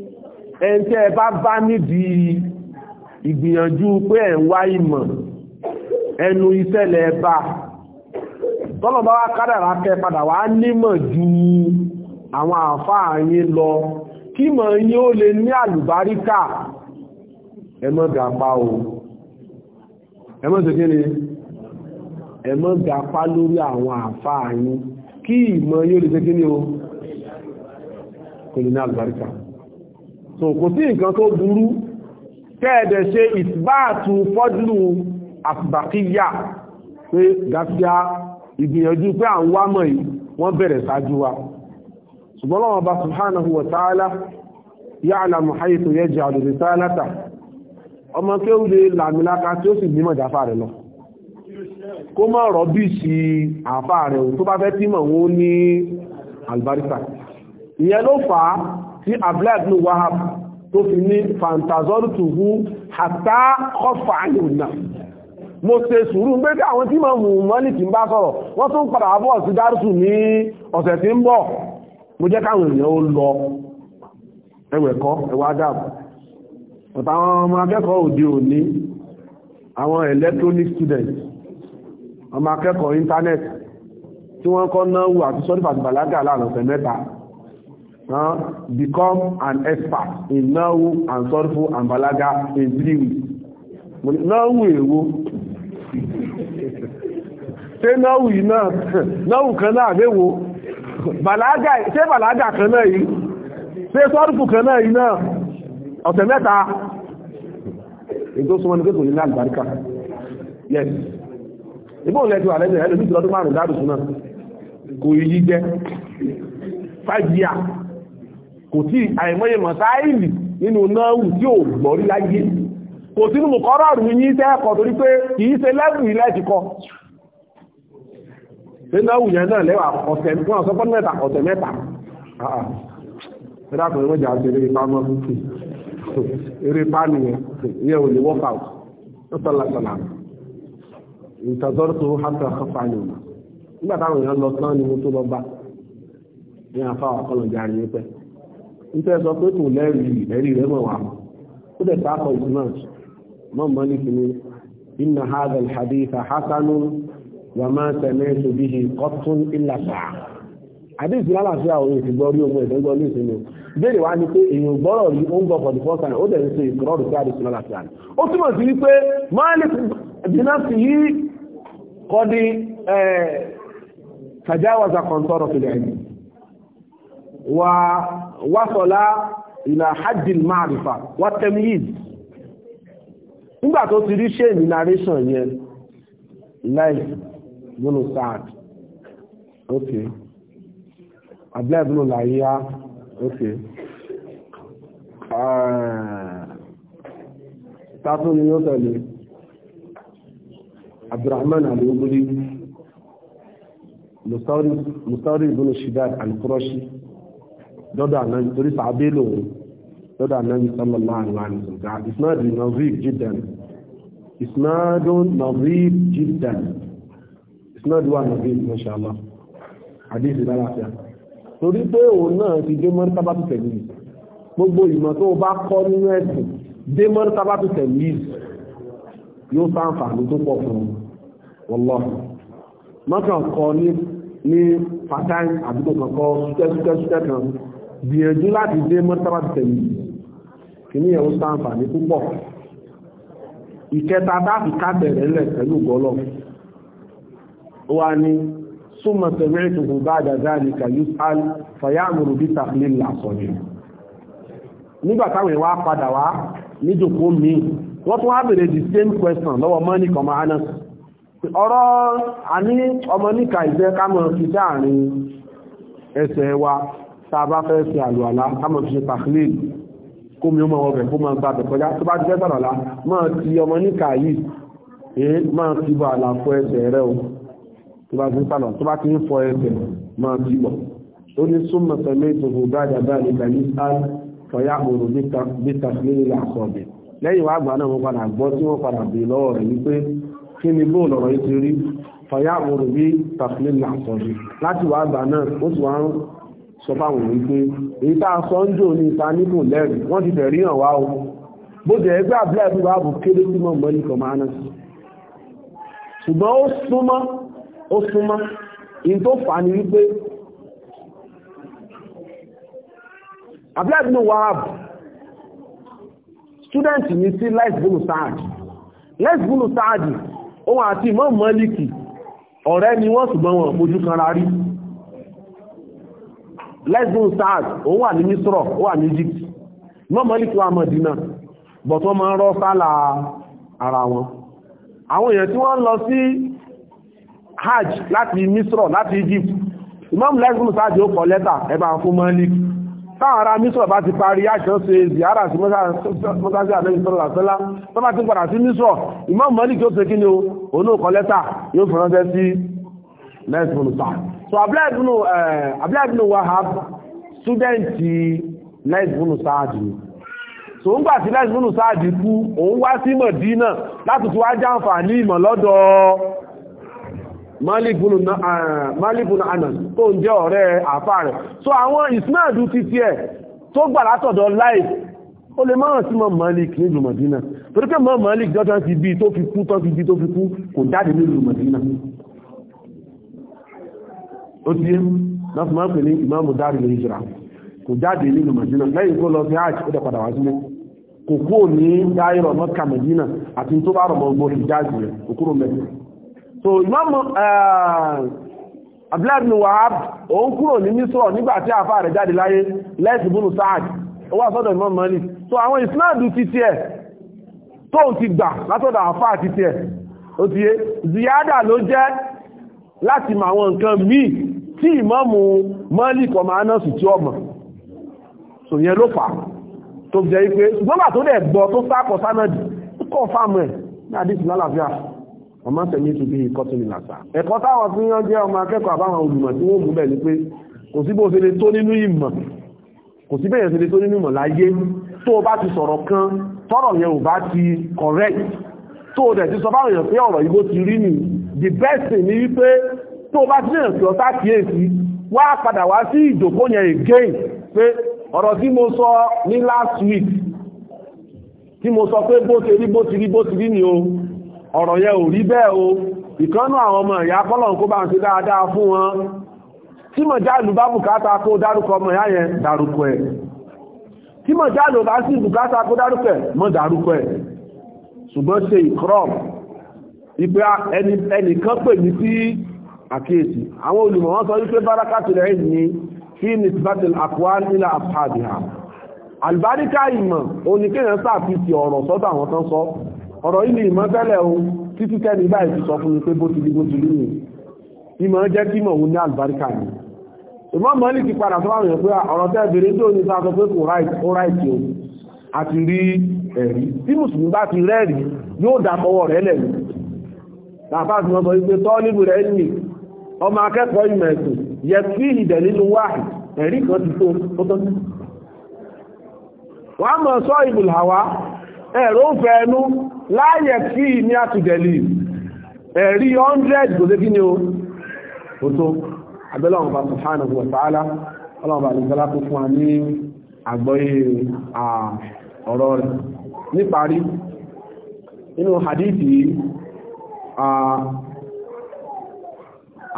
ẹni tí ẹ bá bá níbi ìgbìyànjú pé ẹ̀ ń wá ìmọ̀ ẹnu ìṣẹ̀lẹ̀ ẹ̀bá tọ́lọ̀bá wá kádàrá kẹ padà wá nímọ̀ ju àwọn àfáà yín lọ kí mọ̀ yín ó lè ní àlùbáríkà ẹmọ́ o ẹmọ́ sèkéle ẹmọ́ lórí àwọn àfáà yín kí ìmọ̀ yín ó lè sèkéle o kò lè ní àlùbáríkà so kò sí nǹkan tó burú kẹ́ẹ̀dẹ̀ ṣe ìtìbáàtù fọ́dúlù àfìbàkíyà pé gáfíà ìgbìyànjú pé à ń wá mọ̀ yìí wọ́n bẹ̀rẹ̀ ṣáájú wa ṣùgbọ́n lọ́wọ́ bá subhanahu wa ta'ala ya'lamu haythu yaj'alu risalata ọmọ kéwú lè làmìláka tí ó sì nímọ̀ jáfà rẹ̀ lọ kó mọ̀ rọ́bìṣì àfà rẹ̀ tó bá fẹ́ tímọ̀ wọn ní àlùbáríkà ìyẹn ló fà á tí abdullahi bin wahab tó fi ní fantazọ́rù tùhú àtà kọfà àyùnà mo ṣe sùúrù pé kí àwọn tí ma mú mọ́lìkì ń bá sọ̀rọ̀ wọ́n tún padà bọ̀ sí dárùsù ní ọ̀sẹ̀ tí ń bọ̀ mo jẹ́ káwọn èèyàn ó lọ ẹwẹ̀kọ́ ẹwà dáàbò internet tí wọ́n kọ́ náwó àti sọ́dífàtì bàlágà láàrín ọ̀sẹ̀ huh, become an expert in nahu and sorfu and balaga in three weeks nahu èwo ṣé nahu yìí náà nahu kan náà àbẹ́wò balaga ṣé balaga kan náà yìí ṣé sorfu kan náà yìí náà ọ̀sẹ̀ mẹ́ta ètò súnmọ́ ní kékòó ní àgbàríkà yes ìbọn lẹ́jọ àlẹ́jọ ẹlòmí ìtìlọ́dún márùn-ún dáàdùsùn náà kò yí jẹ́ five years kò tí àìmọye mọ̀sáìlì nínú náàwù tí ò gbọ́rí láyé kò sínú mọ̀kọ́rọ̀ rú yí tẹ́ẹ̀kọ́ torí pé kìí ṣe lẹ́bù ilẹ̀ ti kọ́ náàwù yẹn náà lẹ́wà ọ̀sẹ̀ mẹ́ta ọ̀sẹ̀ mẹ́ta ah, ah. ẹ̀dàkùnrin mọ́jà àti eré ipá mọ́ fífi eré ipá nìyẹn yẹ ò lè work out ó sọ́lá sọ́lá ni mo tó lọ bá ní àfáwà kọlọ̀ járe ní nítorí sọ pé kò lẹ́rìí ẹ̀rí rẹ̀ mọ̀ wá ó dẹ̀ sáà kọ ìsúná mọ́ mọ́ ní kíní inna hadha alhadith hasanun wa ma sami'tu bihi qattun illa sa'a àdéhùn sí lálàáfíà òun ti gbọ́ rí ohun ẹ̀dẹ́ gbọ́ ní ìsinmi ìbéèrè wa ni pé èèyàn gbọ́rọ̀ rí ó ń gbọ́ for the first time ó dẹ̀ ń ṣe ìkọrọ̀rù sí àdéhùn sí ó túmọ̀ sí wípé Malik dinasi yìí kọ́ di eh, tajawaza fìdí ẹ̀yìn ووصل إلى حد المعرفة والتمييز nígbà tó ti rí ṣéèmì narration yẹn láì gbónú sáàd ok abdullahi gbónú làyíyá ok ah. tátún ni yóò tẹ̀lé abdulrahman aluguli musauri gbónú shidad alkuroshi dọ́dọ̀ ànábi torí sàábé lòun dọ́dọ̀ ànábi sallallahu alaihi wasallam ìsìnàdì nazif jiddan ìsìnàdùn nazif jiddan ìsìnàdùn wà nazif mashallah àdéhìí lálàáfíà torí pé òun náà ti dé mọ́rítàbá tó tẹ̀lé gbogbo ìmọ̀ tó bá kọ́ nínú ẹ̀sìn dé mọ́rítàbá tó tẹ̀lé yóò sáǹfààní tó pọ̀ fún wallahi mọ́kàn kọ ní ní àdúgbò kankan sútẹ́sútẹ́sútẹ́ kan gbìyànjú láti dé mọ́tàbà tẹ̀lé kìíní ẹ̀ ń sàǹfààní púpọ̀ ìkẹta dáàbì ká bẹ̀rẹ̀ lẹ̀ pẹ̀lú gọ́lọ̀ wa ni súnmọ̀ tẹ̀wé ìtùkù bá dàdá ní kàyú al fàyàmùrù bí tàbí làsọ̀nì nígbà táwọn ìwà padà wá níjòkó mi wọ́n tún wá the same question lọ́wọ́ mọ́ní kọmọ aná ọ̀rọ̀ àní ọmọ níka ìfẹ́ ká mọ̀ fi dáàrin ẹsẹ̀ wa tàbá fẹ́ ṣe àlùwàlá àmọ̀ fi ṣe pàkílì kó mi ó mọ̀ ọbẹ̀ kó máa gbàbẹ̀ kọjá tó bá ti fẹ́ sàrọ̀lá máa ti ọmọ níkà yìí èé máa ti bọ̀ àlàfo ẹsẹ̀ rẹ o tó bá ti ń sàrọ̀ tó bá ti ń fọ ẹsẹ̀ máa ti bọ̀ ó ní súnmọ̀ sẹ́lẹ̀ ìtòkò gbáàjà báyìí nígbà yìí sáà fọyá òrò bí tàkìlì àkọọ̀bẹ̀ lẹ́yìn wá àgbà náà mo padà gbọ́ tí wọ́n padà bèè lọ́wọ́ rẹ̀ wípé kí ni bóò lọ̀rọ̀ yìí ti rí fọyá òrò bí tàkìlì àkọọ̀bẹ̀ láti wá àgbà náà ó sì wá ń sọ fáwọn wípé èyí tá a sọ ń jò ní ìta nínú lẹ́rìí wọ́n ti tẹ̀rí hàn wá o bó jẹ́ ẹgbẹ́ àbúlẹ̀ bí wàá bù kéré sí mọ́ mọ́lì kan máa ná sí ṣùgbọ́n ó súnmọ́ ó súnmọ́ in tó fà ní wípé àbúlẹ̀ bí wàá bù student ní sí láìsbúlù sáàdì láìsbúlù sáàdì òun àti Imam Málíkì ọ̀rẹ́ ni wọ́n ṣùgbọ́n wọn mójú kan rárí lẹ́sìn Saad òun wà ni Misro, ó wà ní Egypt mọ́mọ́lìkì wà Mọ̀dínà bọ̀t but máa ń rọ́ sálà ara wọn àwọn èèyàn tí wọ́n lọ sí hajj láti Misro, láti Egypt Imam lẹ́sìn Saad ó kọ lẹ́tà ẹ̀bà fún mọ́lìkì táwọn ará Misrọ̀ bá ti parí àṣọ ṣe ziyara sí mọ́sáṣí àdébí sọ́rọ̀ àṣẹ́lá tó bá ti padà sí Misro. Imam mọ́lìkì ó ṣe kí ni o òun ó kọ lẹ́tà yóò fi ránṣẹ́ sí lẹ́sìn Saad so Abdullahi ibn eh, Abdullahi ibn Wahab súdẹ́ǹtì Lais ibn Saad ni so ń gbà sí Lais ibn Saad kú òun wá sí Mọ̀dínà láti tó wá jàǹfààní ìmọ̀ lọ́dọ̀ Málìkùn eh, Anas tó ń jẹ́ ọ̀rẹ́ àfá rẹ̀ so àwọn ìsìnàdù ti tiẹ̀ tó gbà látọ̀dọ̀ Lais ó lè máa sí mọ́ Malik ní Mọ̀dínà torí pé mọ́ Malik jọ́tọ́ ti bí tó fi kú tó fi bí tó fi kú kò jáde ní Mọ̀dínà ó ti yé náà fi máa ń pè ní ìmáàmù dárì lè jìrà kò jáde nínú Màdínà lẹ́yìn kó lọ sí hajj ó dẹ̀ wá sílé kò kúrò ní dáírọ̀ Mọ́kà Màdínà àti tó bá rọ̀mọ́ gbọ́ ìjáàjì rẹ̀ so ìmáàmù Abdullahi bin Wahab òun kúrò ní Mísírọ̀ nígbà tí àfà rẹ̀ jáde láyé lẹ́sì búnú Saad ó so àwọn ìsìnàdù ti tiẹ̀ tóun ti gbà látọ̀dọ̀ àfà ti tiẹ̀ ó ti yé ziyada ló jẹ́ láti mọ àwọn nǹkan míì tí ìmáàmù Malik ọmọ anásì tí ọmọ so yẹn ló fà tó jẹ́ ipé ṣùgbọ́nbà tó dẹ̀ gbọ́ tó sákọ̀ sánàdì kọ́ fáàmù ẹ̀ ní àdísì lálàáfíà ọmọ tẹ̀lé tó bí ikọ́ tó nílàsà ẹ̀kọ́ táwọn tí wọ́n jẹ́ ọmọ akẹ́kọ̀ọ́ àbáwọn olùmọ̀ tí wọ́n mú bẹ̀ ni pé kò sí bó ṣe lè tó nínú ìmọ̀ ni the tó bá tí náà sí ọ̀tá kíyèsí wá padà wá sí ìjòkó yẹn again pé ọ̀rọ̀ tí mo sọ ní last week tí mo sọ pé bó ti rí bó ti rí bó ti rí ni o ọ̀rọ̀ yẹn ò rí bẹ́ẹ̀ o ìkánú àwọn ọmọ ìyá kọ́lọ̀n kó bá ń ṣe dáadáa fún wọn tí mọ̀ jáàlù bá bùkátà kó dárúkọ ọmọ ìyá yẹn dárúkọ ẹ̀ tí mọ̀ jáàlù bá sí bùkátà kó dárúkọ ẹ̀ mọ́ dárúkọ ẹ̀ ṣùgbọ́n ṣe ìkọ́rọ̀ ìpé ẹnìkan pè mí sí àkíyèsí àwọn olùmọ̀ wọ́n sọ wípé bárakàtù rẹ̀ ní fi nisbati al-aqwal ila ashabiha àlùbáríkà ìmọ̀ oníkéyàn sàfihàn ọ̀rọ̀ sọ́dọ̀ àwọn tán sọ ọ̀rọ̀ ilé ìmọ̀ tẹ́lẹ̀ ohun títí tẹ́ni báyìí ti sọ fún mi pé bó ti di bó ti rí mi ìmọ̀ jẹ́ kí mọ̀ òun ní àlùbáríkà ni ìmọ̀ mọ́lì ti padà sọ́wọ́n yẹn pé àti ah, rí sọ wípé tọ́ọ́lì rẹ̀ ní ọmọ akẹ́kọ̀ọ́ ìmọ̀ ẹ̀sùn yẹ kí ìdẹ̀ nínú wáhì ẹ̀rí kan ti tó tótó wọ́n mọ̀ sọ ìbùl hàwá ẹ̀rọ ń fẹ́ ẹnu láyẹ̀ kí ní àtìdẹ̀lì ẹ̀rí 100 kò sékí ni ó tó abẹ́lẹ̀ ọmọ bá subhanahu wa ta'ala ọlọ́mọba àlùsọ́lá tó fún wa ní àgbọ́yé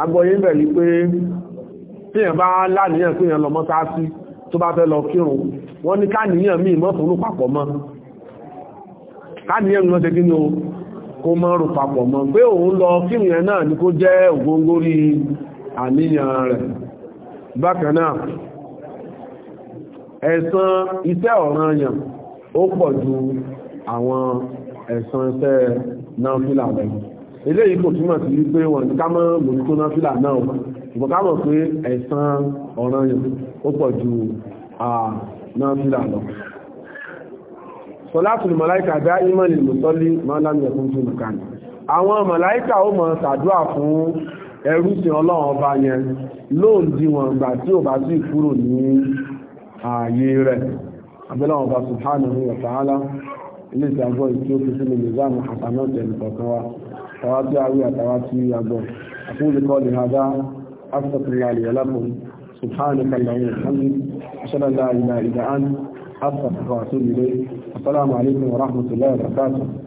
agbọ́yé bẹ̀lú pé tíyàn bá láníyàn pé yàn lọ mọ́sáàsí tó bá fẹ́ lọ kírun wọ́n ní káníyàn míì mọ́ fún papọ̀ mọ́ káníyàn lọ tẹ́kí ní o kó mọ́ rù papọ̀ mọ́ pé òun lọ kírun yẹn náà ní kó jẹ́ ògóngórí àníyàn rẹ̀ bákan náà ẹ̀san iṣẹ́ ọ̀ranyàn ó eléyìí kò túmọ̀ sí wípé wọn ká mọ́ mòjútó náà fílà náà ṣùgbọ́n ká mọ̀ pé ẹ̀san ọ̀ràn yẹn ó pọ̀ ju náà fílà lọ. sọláàtù màláìkà dá ìmọ̀lì mùsọ́lí máa lámì ẹ̀kún fún nìkan àwọn màláìkà ó mọ̀ ṣàdúrà fún ẹrú sin ọlọ́run ọba yẹn lóòdì wọn gbà tí ò bá sì kúrò ní ààyè rẹ̀ abẹ́lẹ́wọ̀n ọba subhanahu wa ta'ala ilé ìjàgbọ́ ìtí ó fi sínú nìzáàmù àtànáà tẹ̀lé kọ̀ọ̀kan wa tàwátí àwí àtàwátí àgbọ̀ أقول قولي هذا أستغفر الله لي ولكم سبحانك اللهم وبحمدك أشهد أن لا إله إلا أنت أستغفرك وأتوب إليك السلام عليكم ورحمة الله وبركاته